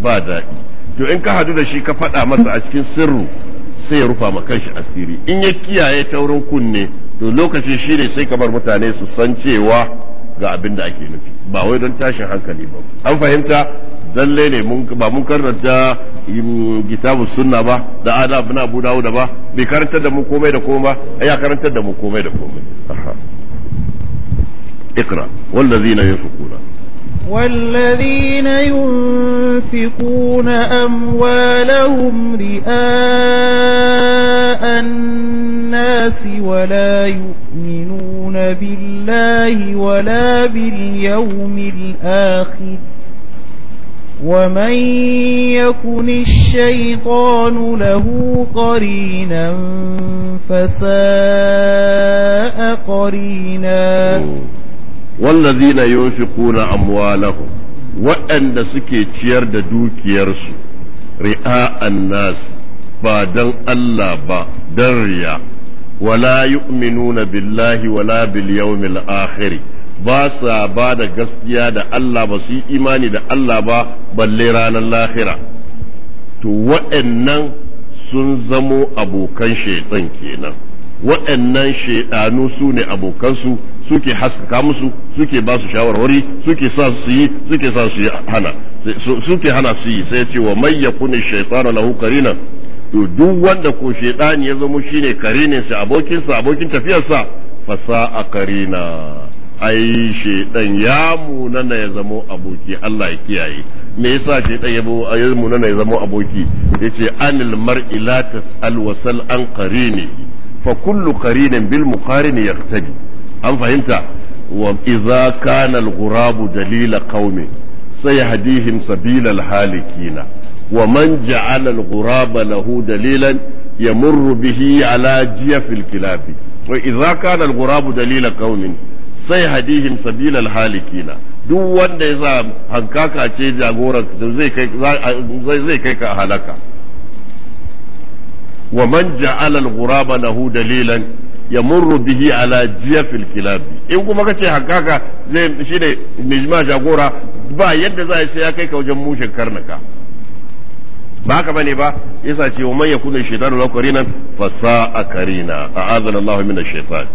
ba daɗi to in ka hadu da shi ka faɗa masa a cikin sirru sai ya rufa ma shi asiri in ya kiyaye taurin kunne to lokacin shi ne sai kamar mutane su san cewa ga abin da ake nufi ba wai don tashin hankali ba an fahimta lalle ne ba mun karanta kitabu sunna ba da adab na abu dawud ba bai karanta da mu komai da komai ba ai ya karanta da mu komai da komai اقرا والذين ينفقون
والذين ينفقون أموالهم رئاء الناس ولا يؤمنون بالله ولا باليوم الآخر ومن يكن الشيطان له قرينا فساء قرينا
والذين ينفقون أموالهم وأن سكي تشير دوك يرسو رئاء الناس بعدن الله با دريا ولا يؤمنون بالله ولا باليوم الآخر ba sa ba da gaskiya da Allah ba su yi imani da Allah ba balle ranar lahira to waɗannan sun zamo abokan shaitan kenan waɗannan shaidanu su ne abokansu suke haskaka musu suke ba su shawarwari suke sa su yi suke sa su hana suke hana su yi sai ce wa mai yakuni shaitana lahu karina to duk wanda ko shaidani ya zama shine karinin sa abokin sa abokin tafiyar fasa a karina ai shedan ya munana ya zamo aboki Allah ya kiyaye me yasa shedan ya munana ya zamo aboki yace anil mar'i la tas'al wa an qarini fa kullu qarinin bil muqarin yaqtadi an fahimta wa idza kana al ghurabu dalila qaumi sayahdihim sabila al halikina wa man ja'ala al ghuraba lahu dalilan yamurru bihi ala jiyaf kilabi wa idza kana al dalila qaumin sai hadihim sabilal halikina duk wanda ya sa hankaka ce jagoran zai zai kai ka halaka wa man ja'ala al-ghuraba lahu dalilan yamurru bihi ala jiyafil kilab in kuma kace hankaka zai shine mijma jagora ba yadda za sai ya kai ka wajen mushin karnaka ba haka bane ba yasa ce wa man yakunu shaytanu lahu qarina fa sa'a qarina a'adana Allah minash shaytan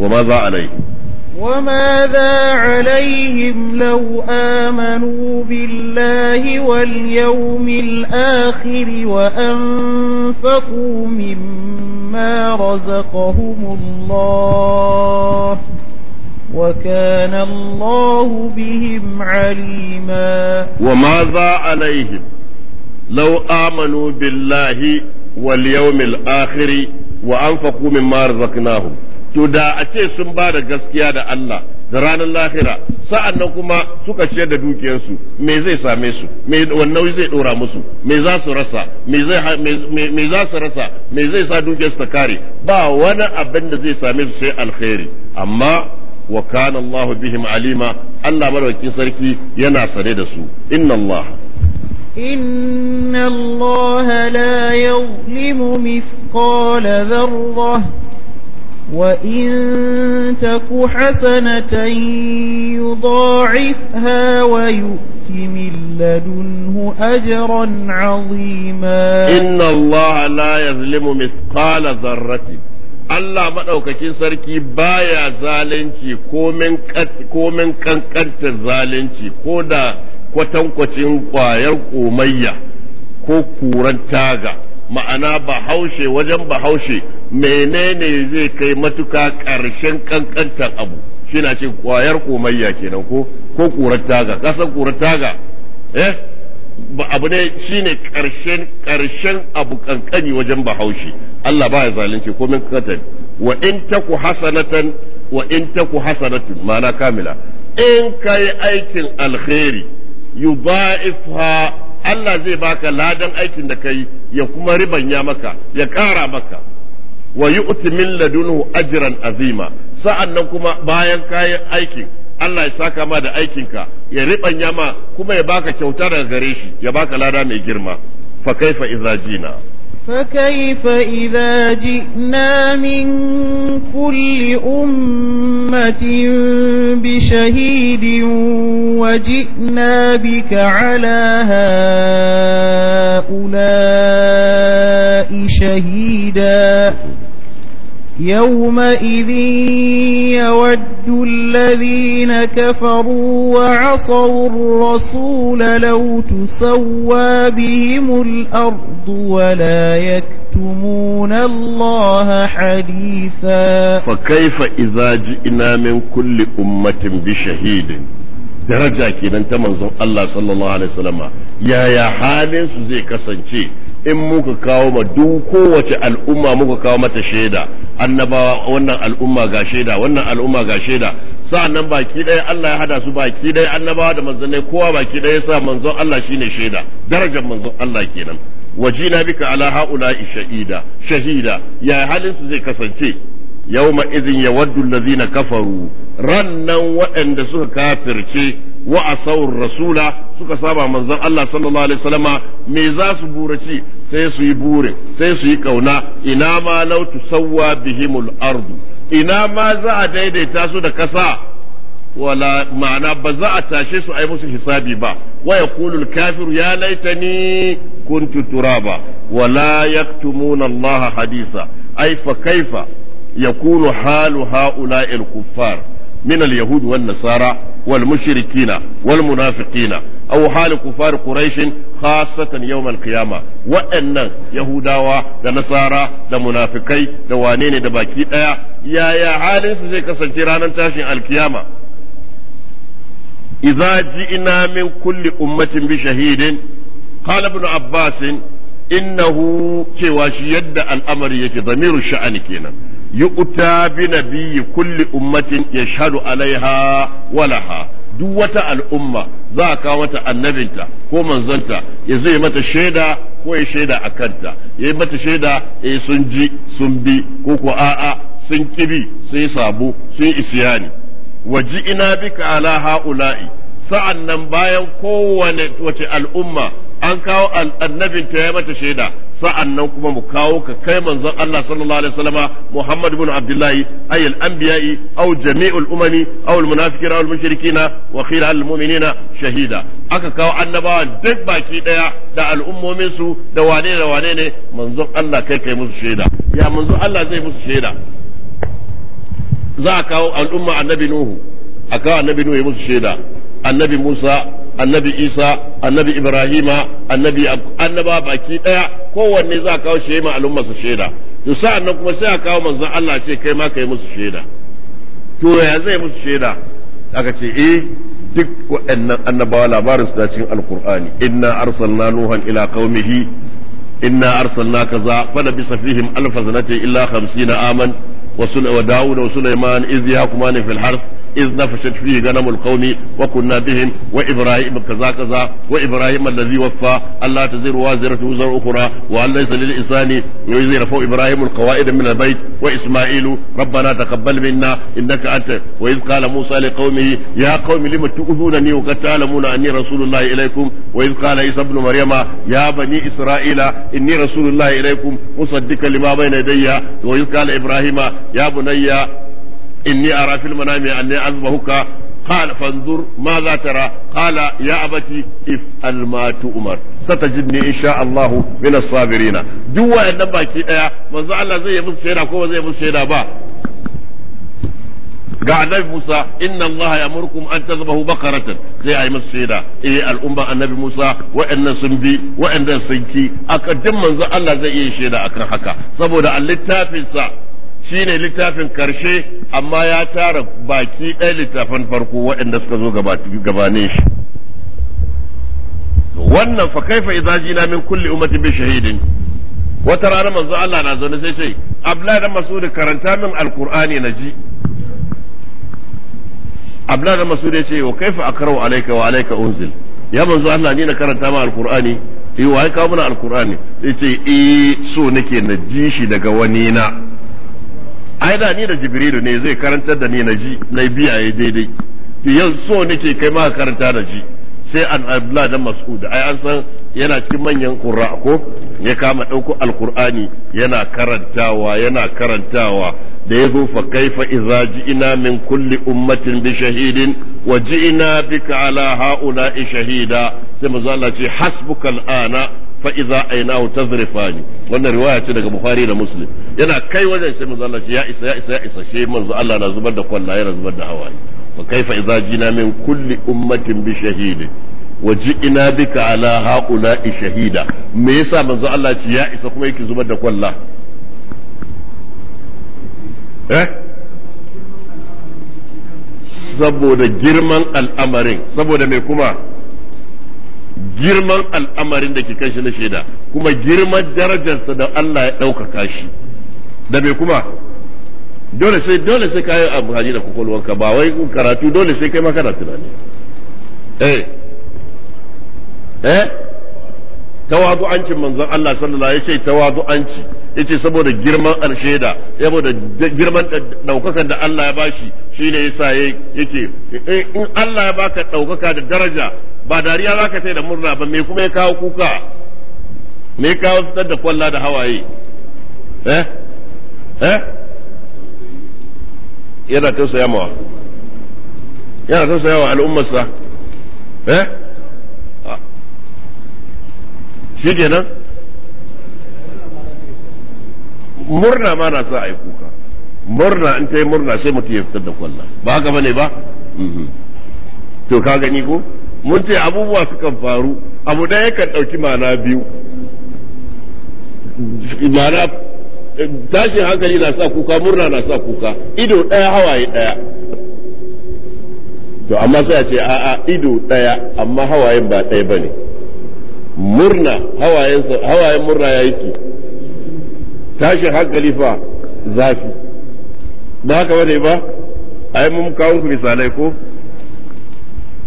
wa ma za alai
وماذا عليهم لو آمنوا بالله واليوم الآخر وأنفقوا مما رزقهم الله وكان الله بهم عليما وماذا
عليهم لو آمنوا بالله واليوم الآخر وأنفقوا مما رزقناهم to da a ce sun ba da gaskiya da Allah da ranar lahira sa'an nan kuma suka ciyar da dukiyarsu me zai same su me wannan zai dora musu me za su rasa me zai za su rasa me zai sa dukiyarsu ta kare ba wani abin da zai same su sai alkhairi amma wa kana Allah bihim alima Allah madaukakin sarki yana sare da su inna Allah
إن الله لا يظلم مثقال ذره وإن تك حسنة يضاعفها ويؤت من لدنه أجرا عظيما إن
الله لا يظلم مثقال ذرة Allah maɗaukakin sarki baya zalunci min kankantar zalunci ko da kwatankwacin ƙwayar komayya ko kuran taga. ma'ana bahaushe wajen bahaushe menene zai kai matuka ƙarshen kankantar abu shi na ce kwayar komayya kenan ko ko ƙurar taga kasan ƙurar taga eh ba abu ne shine ƙarshen ƙarshen abu kankani wajen bahaushe Allah ba ya zalunci ko min katan wa in taku hasanatan wa in taku hasanatan ma'ana kamila in kai aikin alkhairi yudha'ifha Allah zai baka ladan aikin da kai ya kuma ribanya maka ya ƙara maka wa yu'ti min ladunhu ajran azima sa'annan kuma bayan kayan aikin Allah ya saka ma da ka ya ribanya ma kuma ya baka kyauta daga gare shi ya baka lada mai girma fa kaifa idza jina
فكيف إذا جئنا من كل أمة بشهيد وجئنا بك على هؤلاء شهيداً يومئذ يود الذين كفروا وعصوا الرسول لو تسوى بهم الأرض ولا يكتمون الله حديثا
فكيف إذا جئنا من كل أمة بشهيد درجة kenan منظر الله صلى الله عليه وسلم يا يا حالي zai kasance in muka kawo ma duk kowace al'umma muka kawo mata shaida annabawa wannan al'umma ga shaida wannan al'umma ga shaida sa'annan baki ɗaya Allah ya hada su baki ɗaya annabawa da manzannai kowa baki ɗaya sa manzon Allah shine shaida darajar manzon Allah kenan wajina bika ala ha'ula shahida shahida ya halin su zai kasance yawma idhin yawaddu allazina kafaru rannan waɗanda suka kafirce wa asawur rasula suka saba manzon Allah sallallahu alaihi wasallama me za su buraci sai su yi sai su yi kauna ina ma law tusawwa bihimul ardu ina ma za a daidaita su da kasa wala ma'ana ba za a tashe su ai musu hisabi ba wa yaqulu al-kafiru ya laitani kuntu turaba wala yaktumuna Allah hadisa ai fa kaifa yakunu halu ha'ula'il kuffar من اليهود والنصارى والمشركين والمنافقين أو حال كفار قريش خاصة يوم القيامة وأن يهودا ونصارى ومنافقي دوانين دباكي يا يا حال سيكا سجرانا تاشي القيامة إذا جئنا من كل أمة بشهيد قال ابن عباس إنه كواشي يد الأمر يكي ضمير الشأن كينا yu'ta bi nabiyyi kulli ummatin yashhadu alaiha walaha duk wata al'umma za a kawo mata annabinta ko manzonta ya zai mata shaida ko ya shaida a kanta ya yi mata shaida eh sun ji sun bi ko ko a'a sun kibi sun sabo sun isyani waji ina bika ala ha'ula'i sa'an nan bayan kowane wace al'umma an kawo annabin ta mata shaida sa'an nan kuma mu kawo ka kai manzon Allah sallallahu alaihi wasallama Muhammad ibn Abdullahi ay al-anbiya'i aw jami'ul umami aw al-munafiqina aw al-mushrikina wa qila al-mu'minina shahida aka kawo annabawa duk baki daya da al'ummomin su da wane da wane ne manzon Allah kai kai musu shaida ya manzon Allah zai musu shaida za a kawo al'umma annabi Nuhu a kawo annabi Nuhu ya musu shaida annabi Musa annabi isa annabi ibrahima annabi annaba baki daya kowanne za kawo shi ma al'umma su shaida to sa'an nan kuma sai a kawo manzon Allah ce kai ma kai musu shaida to ya zai musu shaida aka ce eh duk waɗannan annabawa labarin su cikin alkur'ani inna arsalna nuhan ila qaumihi inna arsalna kaza fala bi safihim alf sanatin illa 50 aman wa sun wa daud wa sulaiman iz ni fil harth إذ نفشت فيه غنم القوم وكنا بهم وإبراهيم كذا كذا وإبراهيم الذي وفى ألا تزر وازرة وزر أخرى وأن ليس للإنسان ويزير فوق إبراهيم القواعد من البيت وإسماعيل ربنا تقبل منا إنك أنت وإذ قال موسى لقومه يا قوم لم تؤذونني وقد تعلمون أني رسول الله إليكم وإذ قال عيسى ابن مريم يا بني إسرائيل إني رسول الله إليكم مصدقا لما بين يدي وإذ قال إبراهيم يا بني inni ara fil manami anni azbahuka قال فانظر ماذا ترى قال يا أبتي افعل ما تؤمر ستجدني إن شاء الله من الصابرين دوا النبا كي ايا من زعل زي يبص شينا كو زي يبص شينا با ga annabi Musa inna Allah ya murkum an tazbahu bakaratan sai ayi musu shaida eh al'umma annabi Musa wa'annan sun bi wa'annan sun ki aka din manzo Allah zai iya shaida akan haka saboda a littafinsa Shi ne littafin karshe amma ya tara baki ɗaya littafan farko waɗanda suka zo gabanin shi wannan fa kaifa idza jina min kulli ummati bi shahidin wata rana manzo Allah na zaune sai sai abla da masudi karanta min alqur'ani naji abla da masudi ya ce wa kaifa akrahu alayka wa alayka unzil ya manzo Allah ni na karanta ma alqur'ani yi eh, wa kai ka muna alqur'ani yace eh so nake na ji shi daga wani na ai da ni da jibrilu ne zai karantar da ni na ji na biya ya daidai yau so nake kai ma karanta da ji sai an Abdullahi dan mas'ud ai an san yana cikin manyan qurra ko ya kama dauko alqur'ani yana karantawa yana karantawa da yazo fa kaifa idza ji'na min kulli ummatin bi shahidin wa ji'na bika ala haula shahida sai manzo Allah ce hasbuka al'ana fa iza ainahu tazrifani wannan riwaya ce daga bukhari da muslim yana kai wajen sai manzo Allah ya isa ya isa ya isa shi manzo Allah na zubar da kwalla yana zubar da hawaye Wa kaifa idza jina min kulli ummatin bi shahidi wa ji'ina bika ala haula'i shahida me yasa manzo Allah ce ya isa kuma yake zubar da kwalla eh saboda girman al'amarin saboda me kuma girman al'amarin da ke kan shi na shaida kuma girman darajarsa da Allah ya ɗaukaka shi da bai kuma dole sai dole sai kayi abu haji da kwakwalwanka ba wai karatu dole sai kai makana tunani eh eh tawadu'ancin manzon Allah sallallahu alaihi wasallam ya ce tawadu'anci yace saboda girman alsheda saboda girman daukakar da Allah ya bashi shine yasa yake eh, in Allah ya baka daukaka da daraja ba dariya zaka sai da murna ba me kuma ya kawo kuka me ya kawo fitar da kwalla da hawaye eh eh yana tausaya mawa yana tausaya wa sa eh ah. shi kenan murna ma na sa a yi kuka murna in ta yi murna sai mutum ya fitar da kwalla ba haka bane ba mhm. to ka gani ko mun ce abubuwa sukan faru abu da yakan ɗauki ma'ana biyu ma'ana eh, tashin hankali na sa kuka murna na sa kuka ido ɗaya hawaye ɗaya to amma sai a ce a'a ido ɗaya amma hawayen ba ɗaya ba ne murna hawayen murna ya ki. tashi hankali fa zafi ba haka bane ba ai mun kawo ku misalai ko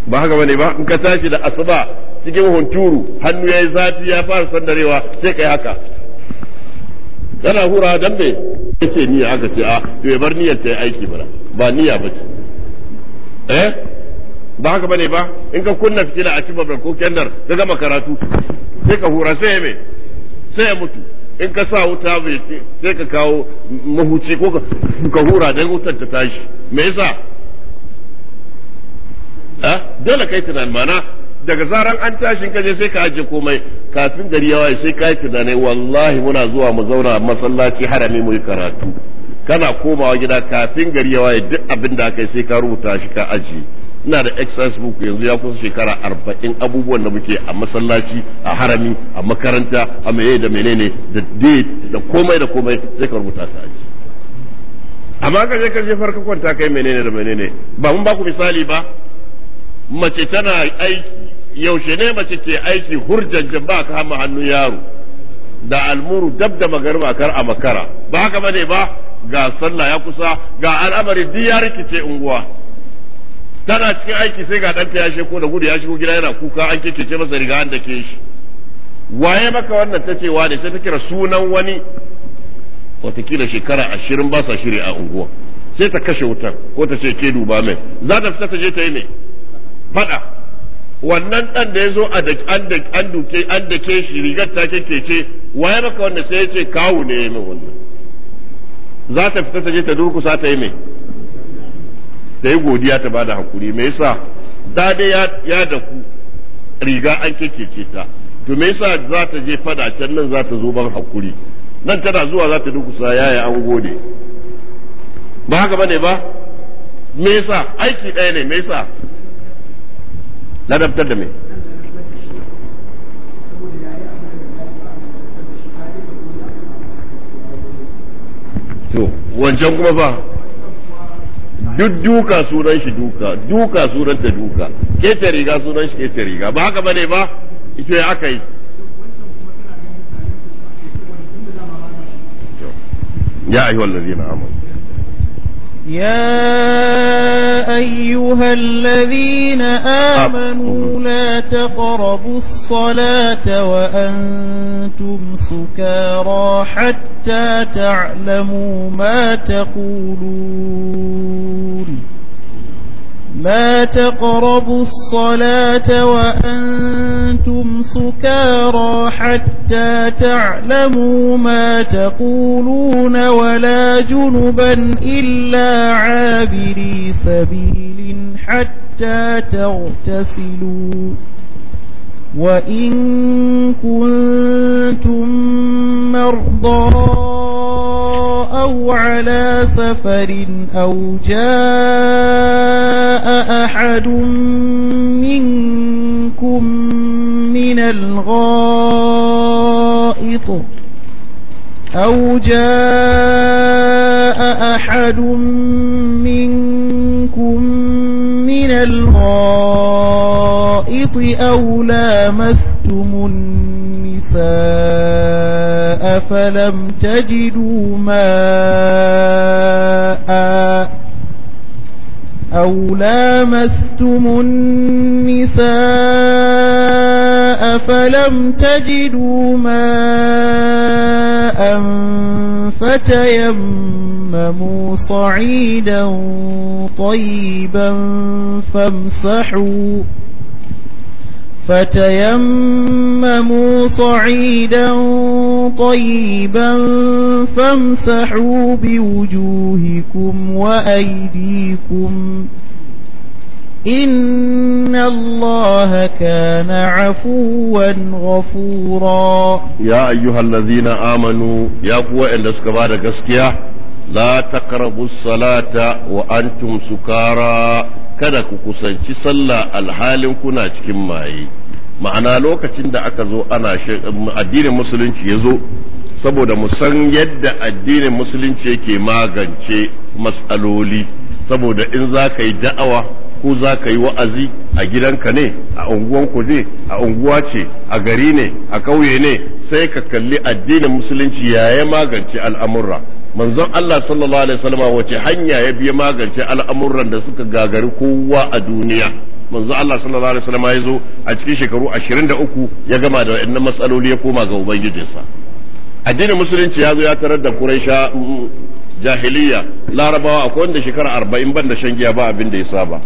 ba haka bane ba in ka tashi da asuba cikin hunturu hannu yayi zafi ya fara sandarewa sai kai haka kana hura dan me yace niyya aka ce a ah, to ya bar niyyar ta aiki bara ba niyya bace eh ba haka bane ba in ka kunna fitila a cikin babban ko kendar ka gama karatu sai ka hura sai me sai mutu in ka sa wuta bai sai ka kawo mahuci ko ka hura don wutar ta tashi me yasa a dole kai tunani mana daga zaran an tashin kaje sai ka ajiye komai kafin gari ya waye sai ka yi tunani wallahi muna zuwa mu zauna masallaci harami mu yi karatu kana komawa gida kafin gari ya waye duk abin da aka yi sai ka rubuta shi ka ajiye ina da exercise book yanzu ya kusa shekara arba'in abubuwan da muke a masallaci a harami a makaranta a meye da menene da date da komai da komai sai ka rubuta ta aji amma ka je ka je farka kwanta kai menene da menene ba mun ba ku misali ba mace tana aiki yaushe ne mace ke aiki hurjajjan ba ka hama hannu yaro da almuru dab da magarba kar a makara ba haka bane ba ga sallah ya kusa ga al'amari duk ya rikice unguwa tana cikin aiki sai ga ɗanta ya ko da gudu ya shigo gida yana kuka an kekece masa riga an dake shi waye maka wannan ta ce wane sai ta kira sunan wani watakila shekara ashirin ba sa shiri a unguwa sai ta kashe wutar ko ta ce ke duba mai za ta fita ta je ta yi ne faɗa wannan ɗan da ya zo an duke an dake shi rigar ta kekece waye maka wannan sai ya ce kawu ne ya yi wannan za ta fita ta je ta durkusa ta yi mai ta yi godiya ta bada hakuri me yasa da dai ya da riga an kekece ta to me yasa za ta je fada can nan za ta zo ban hakuri nan tana zuwa za ta dukusa yaya an gode ba haka bane ba me yasa aiki ɗaya ne me yasa ladabtar da me wancan kuma ba duk duka sunan shi duka duka sunan da duka kece riga sunan shi kece riga ba haka bane ba ita ya aka yi ya amanu
يا أيها الذين آمنوا لا تقربوا الصلاة وأنتم سكارى حتى تعلموا ما تقولون لا تقربوا الصلاة وأنتم أنتم سكارى حتى تعلموا ما تقولون ولا جنبا إلا عابري سبيل حتى تغتسلوا وإن كنتم مرضى أو على سفر أو جاء أحد منكم من الغائط أو جاء أحد منكم من الغائط أو لامستم النساء فلم تجدوا ماءً أو لامستم النساء الماء فلم تجدوا ماء فتيمموا صعيدا طيبا فامسحوا فتيمموا صعيدا طيبا فامسحوا بوجوهكم وأيديكم إن الله كان عفوا غفورا
يا أيها الذين آمنوا يا قوة إن سكبار قسكيا لا تقربوا الصلاة وأنتم سكارى kada ku kusanci sallah alhalin kuna cikin maye ma'ana lokacin da aka zo ana addinin musulunci ya zo saboda mu san yadda addinin musulunci yake magance matsaloli saboda in za ka yi da'awa ko za ka yi wa'azi a gidanka ne a unguwanku ne a unguwa ce a gari ne a ƙauye ne sai ka kalli addinin musulunci yaya magance al'amurra manzon Allah sallallahu alaihi wasallam wace hanya ya biya magance al'amuran da suka gagari kowa a duniya manzo Allah sallallahu alaihi wasallam ya zo a cikin shekaru 23 ya gama da wannan matsaloli ya koma ga ubangijinsa addinin musulunci ya zo ya tarar da Quraisha mm, jahiliya larabawa akwai wanda shekara 40 ban da shan giya ba abin da ya saba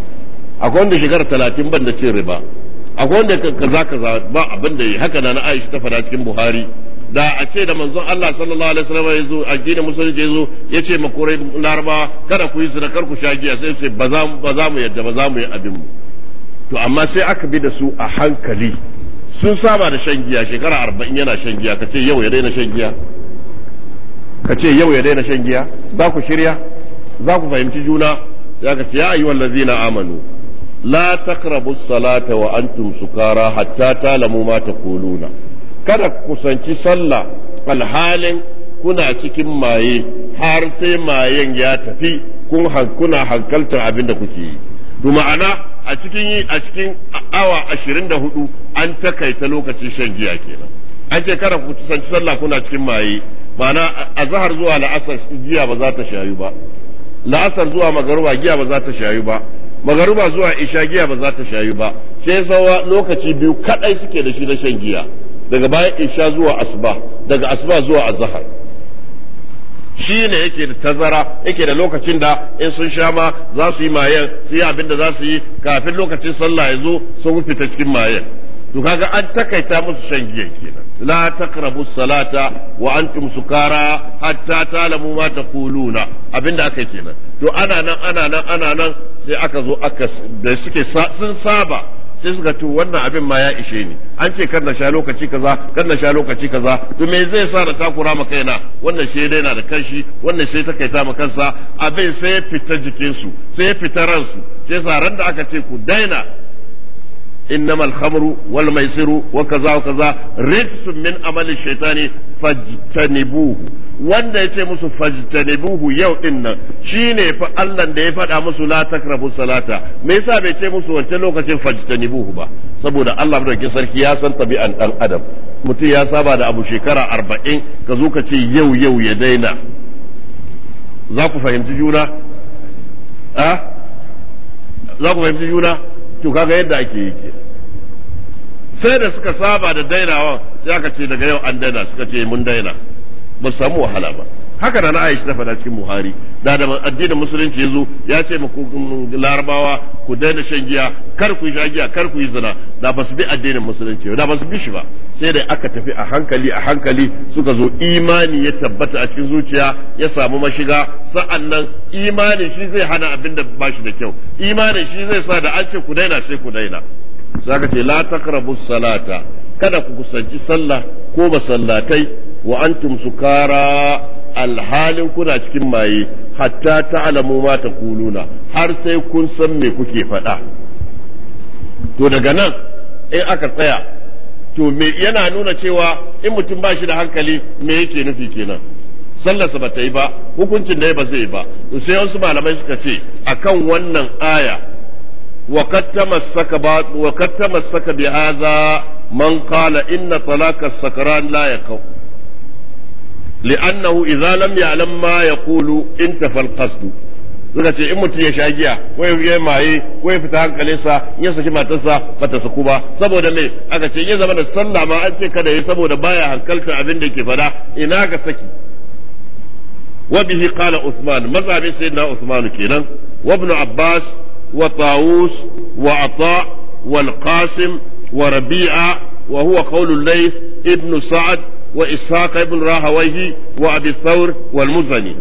akwai wanda shekara talatin ban da cin riba akwai wanda kaza kaza ba abin da yi haka na na Aisha ta fara cikin Buhari da a ce da manzon Allah sallallahu alaihi wasallam ya zo addinin musulunci ya zo ya ce makurai laraba kada ku yi zina kar ku sha giya sai sai ba za mu yadda ba za mu yi abin mu to amma sai aka bi da su a hankali sun saba da shan giya shekara arba'in yana shan giya ka ce yau ya daina shan giya ka ce yau ya daina shan giya za ku shirya za ku fahimci juna ya ka ce ya ayyuhal ladzina amanu la taqrabu salata wa antum sukara hatta talamu ma taquluna kada ku kusanci sallah alhalin kuna cikin maye har sai mayen ya tafi kuna hankaltar abin da kuke yi to ma'ana a cikin yi a cikin awa ashirin da hudu an takaita lokacin shan giya kenan an ce kada ku kusanci sallah kuna cikin maye ma'ana a zahar zuwa la'asar giya ba za ta shayu ba la'asar zuwa magaruba giya ba za ta shayu ba magaruba zuwa isha giya ba za ta shayu ba sai saura lokaci biyu kadai suke da shi na shan giya daga bayan isha zuwa asuba daga asuba zuwa azhar shi ne yake da tazara yake da lokacin da in sun sha ma za su yi mayen su yi abin da za su yi kafin lokacin sallah ya zo sun fita cikin mayen to kaga an takaita musu shan giya kenan la taqrabu salata wa antum sukara hatta talamu ma taquluna abinda aka kenan to ana nan ana nan ana nan sai aka zo aka da suke sun saba sai suka to wannan abin ma ya ishe ni an ce kar na sha lokaci kaza kar na sha lokaci kaza to me zai sa na takura ma kaina wannan shi dai na da kanshi wannan shi ta kaita ma kansa abin sai ya fita jikinsu sai ya fita ransu sai sa ran da aka ce ku daina إنما الخمر والميسر وكذا وكذا رجس من عمل الشيطان فاجتنبوه wanda ya ce musu fajtanibuhu yau din shine fa Allah da ya faɗa musu la takrabu salata me yasa bai ce musu wancan lokacin fajtanibuhu ba saboda Allah da sarki ya san tabi'an dan adam mutum ya saba da abu shekara arba'in ka zo ka ce yau yau ya daina za ku fahimci juna a za kaga yadda ake yi ke sai da suka saba da dainawa sai aka ce daga yau an daina suka ce mun daina ba su samu wahala ba haka da na Aisha ta faɗa cikin Buhari da da addinin musulunci yazo ya ce ku mm, larabawa ku daina shan giya kar ku sha giya kar ku yi zina da ba su bi addinin musulunci da ba su bi shi ba sai da aka tafi a hankali a hankali suka zo imani ya tabbata a cikin zuciya ya samu mashiga sa'annan imani shi zai hana abin da ba shi da kyau imani shi zai sa da an ce ku daina sai ku daina zaka ce la taqrabu salata kada ku kusanci sallah ko ba sallatai wa antum sukara alhalin kuna cikin maye hatta ta ta'lamu ma taquluna har sai kun san me kuke faɗa to daga nan in aka tsaya to me yana nuna cewa in mutum ba shi da hankali me yake nufi kenan sallarsa ba ta yi ba hukuncin da ya ba zai yi ba sai wasu malamai suka ce akan wannan aya وقد تمسك وقد تمسك بهذا من قال إن طلاق السكران لا يقع لأنه إذا لم يعلم ما يقول انتفى القصد suka ce in mutum ya sha giya ko ya maye ko ya fita hankalinsa ya saki matarsa bata saku ba saboda me aka ce ya zama da sallah ma an ce kada ya saboda baya hankalta abin da yake fada ina ga saki wa bihi qala usman mazhabin sayyidina usman kenan wa ibn abbas وطاووس وعطاء والقاسم وربيعة وهو قول الليث ابن سعد وإسحاق بن راهويه وأبي الثور والمزني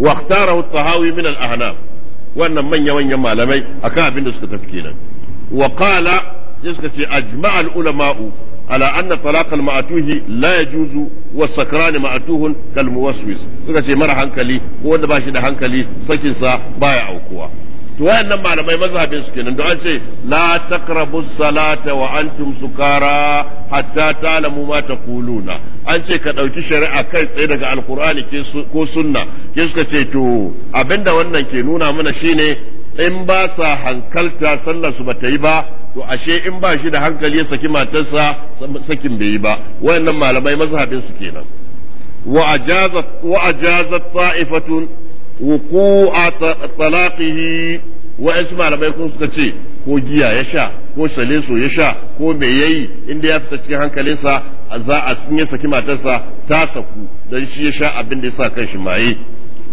واختاره الطهاوي من الأهناف وأن من يمن يما لمي أكاب بن وقال يسكتي أجمع العلماء ala anna talaq al ma'tuhi la wa sakran ma'tuhun kal muwaswis suka ce mara hankali ko wanda ba shi da hankali sakin sa baya aukuwa to wayannan malamai mazhabin su kenan don an ce la taqrabu salata wa antum sukara hatta ta'lamu ma taquluna an ce ka ɗauki shari'a kai tsaye daga alqur'ani ko sunna ke suka ce to abinda wannan ke nuna mana shine in ba sa hankalta sallar su bata yi ba to ashe in ba shi da hankali ya saki matarsa sakin bai yi ba wayannan malamai mazhabin su kenan wa ajazat wa ajazat ta'ifatun wuqu'a talaqihi wa isma malamai kun suka ce ko giya ya sha ko so ya sha ko me yayi inda ya fita cikin hankalinsa za a sun ya saki matarsa ta saku dan shi ya sha abin da ya sa kanshi maye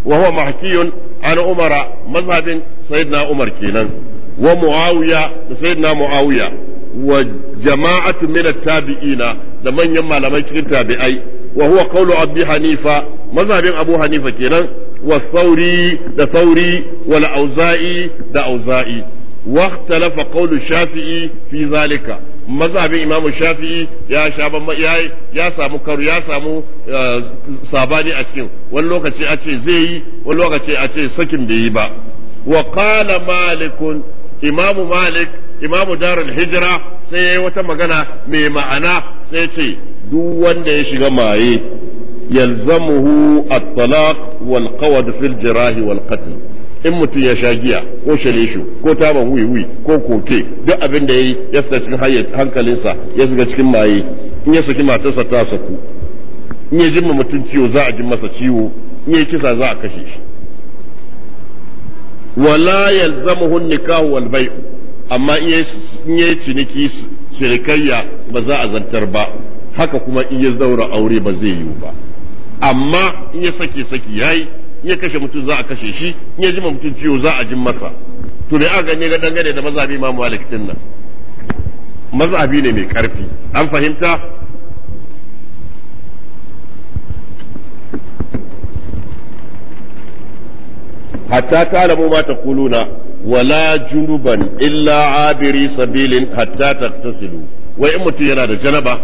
wa huwa mahkiyun an umara mazhabin sayyidina umar kenan wa muawiya da sayyidina muawiya wa jama'atu min at-tabi'ina da manyan malamai cikin tabi'ai wa huwa qawlu abi hanifa mazhabin abu hanifa kenan wa sauri da sauri wal auza'i da auza'i واختلف قول shafi'i في ذلك مذهب امام الشافعي يا شاب يا يا سامو كر wani lokaci a ce zai yi wani lokaci a ce sakin bai yi ba wa qala malikun imam malik imam darul hijra sai wata magana mai ma'ana sai ce duk wanda ya shiga maye yalzamuhu at-talaq wal qawd fil jirahi wal qatl in mutum ya sha giya ko shaleshu ko taban wiwi ko koke duk abin da ya yi ya fita cikin hankalinsa ya shiga cikin maye in ya saki matarsa ta saku in ya jimma mutum ciwo za a ji masa ciwo in ya kisa za a kashe shi wala yalzamuhu nikahu wal bai'u amma in ya ciniki shirikayya ba za a zantar ba haka kuma in ya zaura aure ba zai yiwu ba amma in ya saki saki yayi ya kashe mutum za a kashe shi in ya jima mutum ciwo za a jin masa to ne aka ganye ga dangane da mazhabi Imam Malik din nan mazhabi ne mai karfi an fahimta hatta talabu ma kuluna wala junuban illa abiri sabilin hatta taktasilu wai in mutum yana da janaba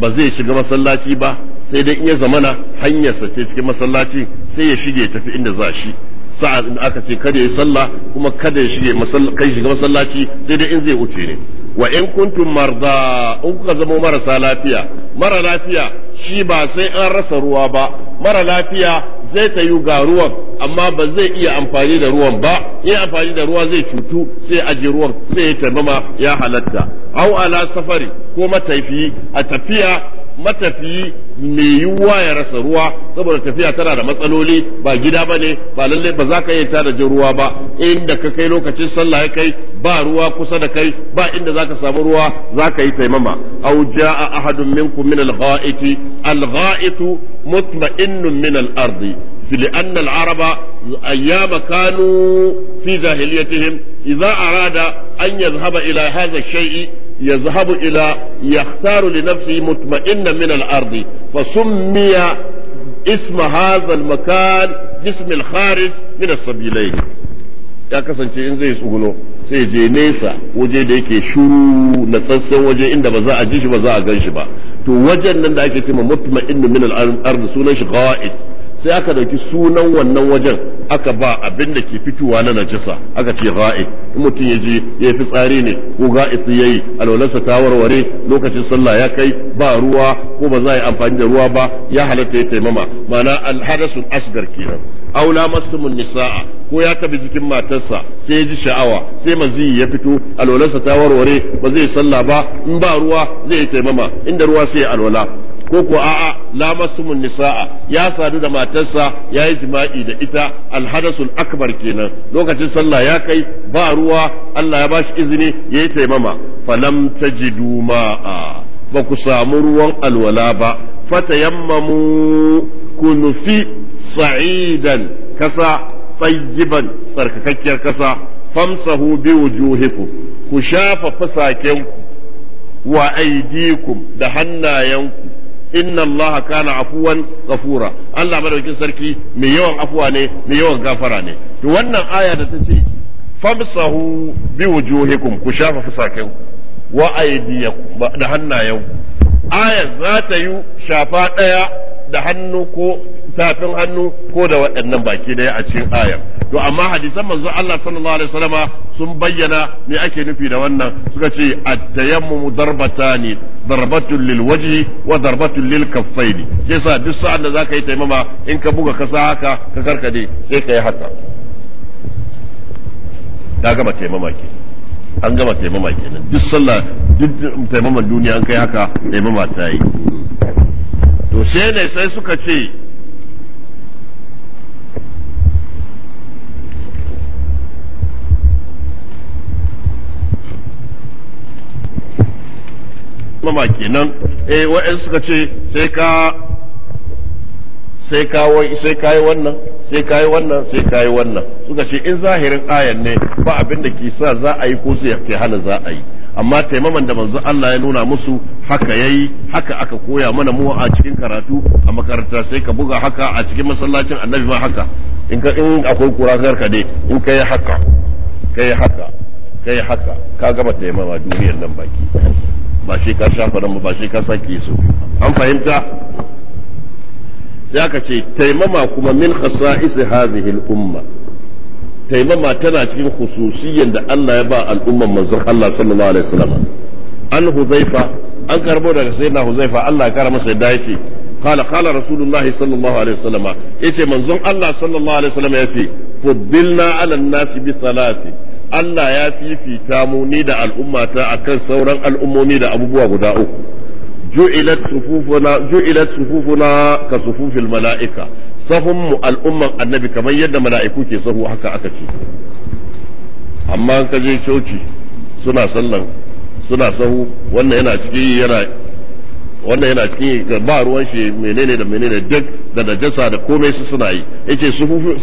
ba zai shiga masallaci ba sai dai in ya zamana hanyarsa ce cikin masallaci sai ya shige tafi inda za shi sa'ad in aka ce kada ya sallah kuma kada ya shige kai shiga masallaci sai dai in zai wuce ne wa in kuntum marda in kuka zama marasa lafiya mara lafiya shi ba sai an rasa ruwa ba mara lafiya zai ta yi ga ruwan amma ba zai iya amfani da ruwan ba in amfani da ruwa zai cutu sai aje ruwan sai ya taimama ya halatta au ala safari ko matafi, a tafiya matafiyi mai yiwuwa ya rasa ruwa saboda tafiya tana da matsaloli ba gida ba ne ba lallai ba za ka iya tada jin ruwa ba inda ka kai lokacin sallah ya kai ba ruwa kusa da kai ba inda za ka samu ruwa za ka yi taimama aw jaa ahadun minkum min al-gha'iti al-gha'itu mutma'innun min al-ardi لأن العرب أيام كانوا في جاهليتهم إذا أراد أن يذهب إلى هذا الشيء يذهب إلى يختار لنفسه مطمئنا من الأرض فسمي اسم هذا المكان باسم الخارج من السبيلين ya kasance in zai tsuguno sai je nesa waje da yake shuru na tsantsan waje inda ba za a ji shi ba za a gan shi ba to wajen nan da ake cewa mutma'innu min sunan shi qa'id sai aka dauki sunan wannan wajen aka ba abin da ke fitowa na najasa aka ce ra'i in mutum ya je ya fi tsari ne ko ga'id ya yayi alwalarsa ta warware lokacin sallah ya kai ba ruwa ko ba za a yi amfani da ruwa ba ya halatta ya taimama ma'ana alhadasul asgar kenan aula masumun nisa'a ko ya tabi jikin matarsa sai ya ji sha'awa sai mazi ya fito alwalarsa ta warware ba zai sallah ba in ba ruwa zai yi taimama inda ruwa sai alwala ko ko a'a masumun nisaa ya sadu da matarsa ya yi jima'i da ita alhadasul akbar kenan lokacin sallah ya kai ba ruwa Allah ya bashi izini ya yi taimama falam tajidu ma'a ba ku samu ruwan alwala ba fatayammamu nufi sa'idan kasa tsayyiban tsarkakakkiyar kasa famsahu bi wujuhikum ku shafa fasakenku wa aidikum da hannayenku inna allaha kana afuwan ghafura Allah madaukin sarki mai yawan afuwa ne mai yawan gafara ne to wannan aya da ta ce famsahu wujuhikum ku shafa fusakai wa aydiyakum da hannayen aya za ta yi shafa daya da hannu ko tafin hannu ko da waɗannan baki daya a cikin ayar to amma hadisan manzo Allah sallallahu alaihi wasallama sun bayyana me ake nufi da wannan suka ce at-tayammum darbatani darbatun lil wajhi wa darbatun lil kaffaini yasa duk sa'an da zaka yi taimama in ka buga kasa haka ka karkade sai ka yi haka ka gama taimama ke an gama taimama kenan duk sallah duk taimama duniya an kai haka taimama ta yi to she ne sai suka ce mama kenan eh wa'in suka ce sai ka sai kawai sai kai wannan sai kai wannan sai kai wannan suka ce in zahirin ayan ne ba abin da ke sa za a yi ko sai ke hana za a yi amma taimaman da manzo Allah ya nuna musu haka yayi haka aka koya mana mu a cikin karatu a makaranta sai ka buga haka a cikin masallacin annabi ma haka in ka in akwai kurakar ka dai in kai haka kai haka kai haka ka gama taimama duniyar nan baki ba shi ka shafa nan ba shi ka saki su an fahimta sai aka ce taimama kuma min khasa'is hadhihi al-umma taimama tana cikin khususiyan da Allah ya ba al'umman manzon Allah sallallahu alaihi wasallam an huzaifa an karbo daga sayyidina huzaifa Allah ya kara masa yadda yace qala qala rasulullahi sallallahu alaihi wasallam yace manzon Allah sallallahu alaihi wasallam yace fuddilna ala an-nas bi salati Allah ya fifita mu ni da al'ummata akan sauran al'ummomi da abubuwa guda uku ju'ilat sufufuna ju'ilat sufufuna ka sufufil mala'ika sahun mu al'umman annabi kamar yadda mala'iku ke sahu haka aka ce amma ka je coci suna sallan suna sahu wannan yana cikin yana wannan yana cikin ba ruwan shi menene da menene duk da najasa da komai su suna yi yace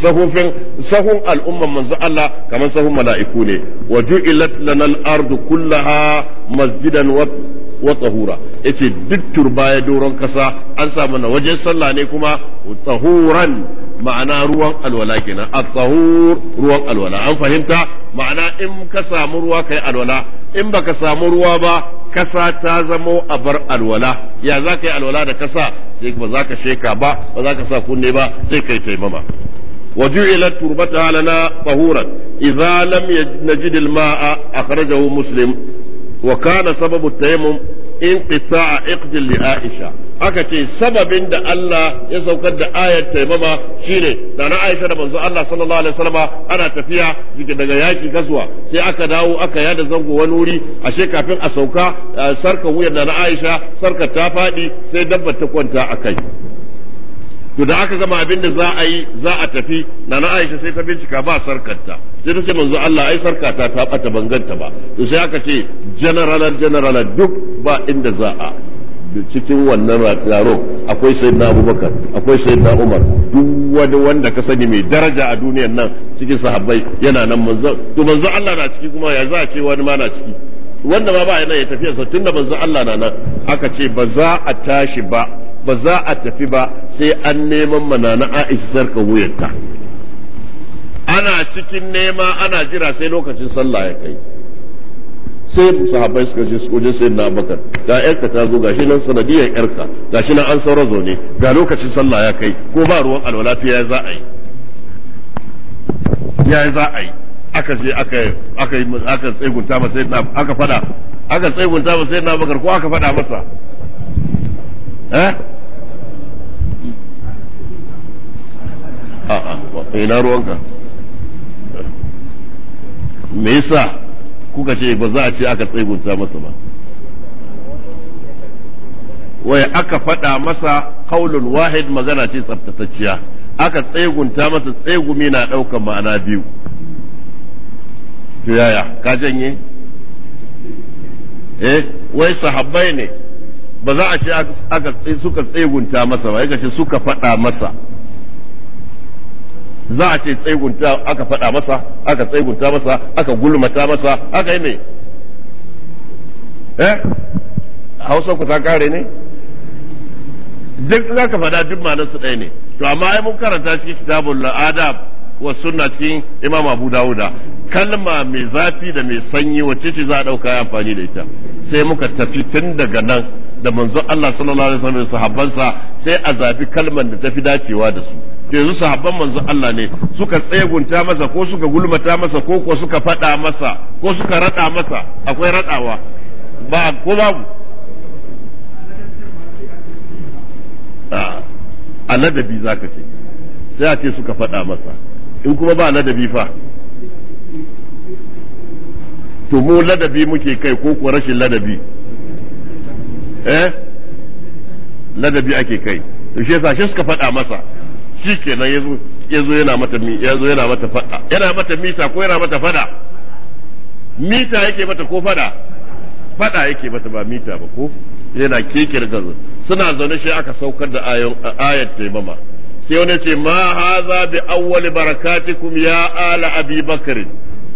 sahufin sahun al'umman manzo Allah kamar sahun mala'iku ne wa ju'ilat lana al-ardu kullaha masjidan wa wa tahura yace duk turba ya doron kasa an sa mana wajen sallah ne kuma tsahuran ma'ana ruwan alwala kenan at-tahur ruwan alwala an fahimta ma'ana in ka samu ruwa kai alwala in baka samu ruwa ba kasa ta zamo a bar alwala ya za ka yi alwala da kasa sai ba za ka sheka ba ba za ka sa kunne ba sai kai taimama وجعلت تربتها لنا طهورا إذا لم نجد الماء أخرجه مسلم wa kana sababu tayammum inqita'a iqdin li Aisha aka ce sababin da Allah ya saukar da ayar taimama shine da na Aisha da manzo Allah sallallahu alaihi wasallam ana tafiya daga yaki gaswa sai aka dawo aka yada zango wani wuri ashe kafin a sauka sarka wuya da na Aisha sarka ta faɗi sai dabba ta kwanta a kai. to da aka gama abin da za a yi za a tafi na na aisha sai ta bincika ba sarkarta sai ta ce manzo Allah ai sarkata ta bata banganta ba to sai aka ce general general duk ba inda za a cikin wannan taro akwai na abubakar akwai na umar duk wani wanda ka sani mai daraja a duniyar nan cikin sahabbai yana nan manzo to manzo Allah na ciki kuma ya za a ce wani ma na ciki wanda ba ba yana ya tafiya sa tunda manzo Allah na nan aka ce ba za a tashi ba ba za a tafi ba sai an neman mana na Aisha sarka wuyanta ana cikin nema ana jira sai lokacin sallah ya kai sai sahabbai suka je suje sai na bakar ga yarka ta zo gashi nan sanadiyar yarka gashi nan an saura zaune ga lokacin sallah ya kai ko ba ruwan alwala ya za a yi ya za a yi aka je aka aka aka tsegunta ba sai aka fada aka tsegunta ba sai na bakar ko aka fada masa eh a'a ina ruwanka me yasa kuka ce ba za a ce aka tsegunta masa ba wai aka faɗa masa kaulun wahid magana ce tsaftatacciya aka tsegunta masa tsegumi na ɗaukan ma'ana biyu to yaya ka janye eh wai sahabbai ne ba za a ce aka suka tsegunta masa ba ya ce suka faɗa masa za a ce tsegunta aka faɗa masa aka tsegunta masa aka gulmata masa aka yi mai eh hausa ku ta kare ne duk za ka faɗa duk manar su ɗaya ne to amma ai mun karanta cikin kitabun la'ada wa sunna cikin imam abu dawuda kalma mai zafi da mai sanyi wacce ce za a ɗauka amfani da ita sai muka tafi tun daga nan da manzon Allah sallallahu alaihi wasallam da sahabbansa sai a zafi kalmar da tafi dacewa da su yanzu sahabban manzo Allah ne suka tsegunta masa ko suka gulmata masa ko ko suka faɗa masa ko suka raɗa masa akwai raɗawa ba ko babu a ladabi za ka ce sai a ce suka faɗa masa in kuma ba ladabi fa to mu ladabi muke kai ko ko rashin ladabi eh ladabi ake kai to shi yasa shi suka faɗa masa shikenan yazo yazo yana mata yazo yana mata fada yana mata mita ko yana mata fada mita yake mata ko fada fada yake mata ba mita ba ko yana kekir gazo suna zaune shi aka saukar da ayat taimama sai wani ce ma haza bi awwal barakatikum ya ala abi bakr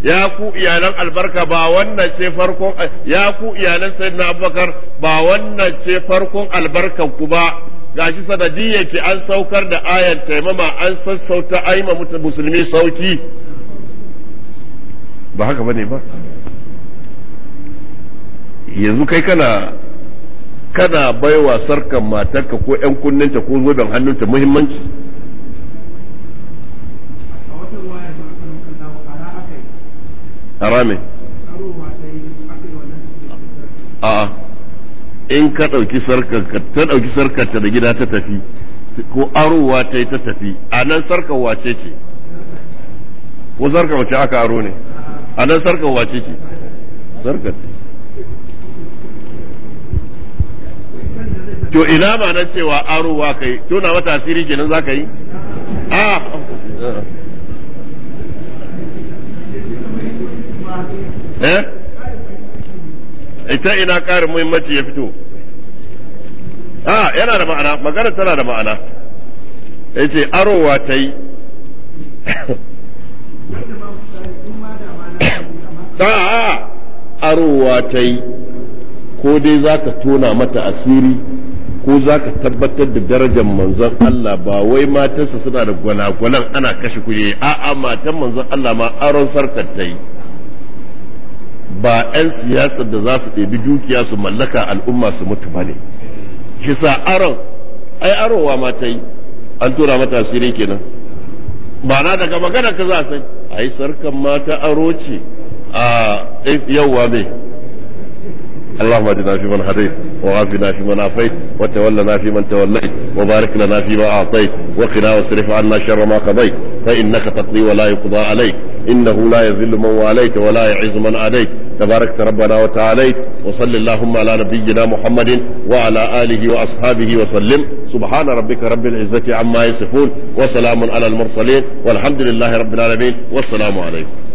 ya ku iyalan albarka ba wannan ce farkon ya ku iyalan sayyidina abubakar ba wannan ce farkon albarkan ku ba gashi sanadiyya ki an saukar da ayan taimama an sassauta aima musulmi sauki ba haka bane ba yanzu kai kana kana baiwa sarkan matarka ko 'yan kunninta ko zoben hannunta muhimmanci harame a in ka ɗauki sarkarta da gida ta tafi ko arowa ta yi ta tafi a nan sarkar wace ce ko sarkar wace aka aro ne a nan sarkar wace ce sarkar to ina ma na cewa arowa kai na wata asiri kenan za ka yi a eh ita ina ƙarin muhimmanci ya fito a yana da ma'ana magana tana da ma'ana ya ce arowa ta yi a arowa ta yi ko dai za ka tona mata asiri ko za ka tabbatar da darajar manzon Allah ba wai matarsa suna da gwanagwanan ana kashe kuye a'a matan manzon Allah ma aron sarkar ta yi ba 'yan siyasar da za su ɗebi dukiya su mallaka al'umma su mutu ba ne kisa aron ai arowa ma ta yi an tura mata asiri kenan ba na daga magana ka za sai ai sarkan mata aro ce a yawwa mai اللهم اهدنا فيمن هديت وعافنا فيمن عافيت وتولنا فيمن توليت وبارك لنا فيما اعطيت وقنا واصرف عنا شر ما قضيت فانك تقضي ولا يقضى عليك إنه لا يذل من واليت ولا يعز من عليك تبارك ربنا وتعاليت وصل اللهم على نبينا محمد وعلى آله وأصحابه وسلم سبحان ربك رب العزة عما يصفون وسلام على المرسلين والحمد لله رب العالمين والسلام عليكم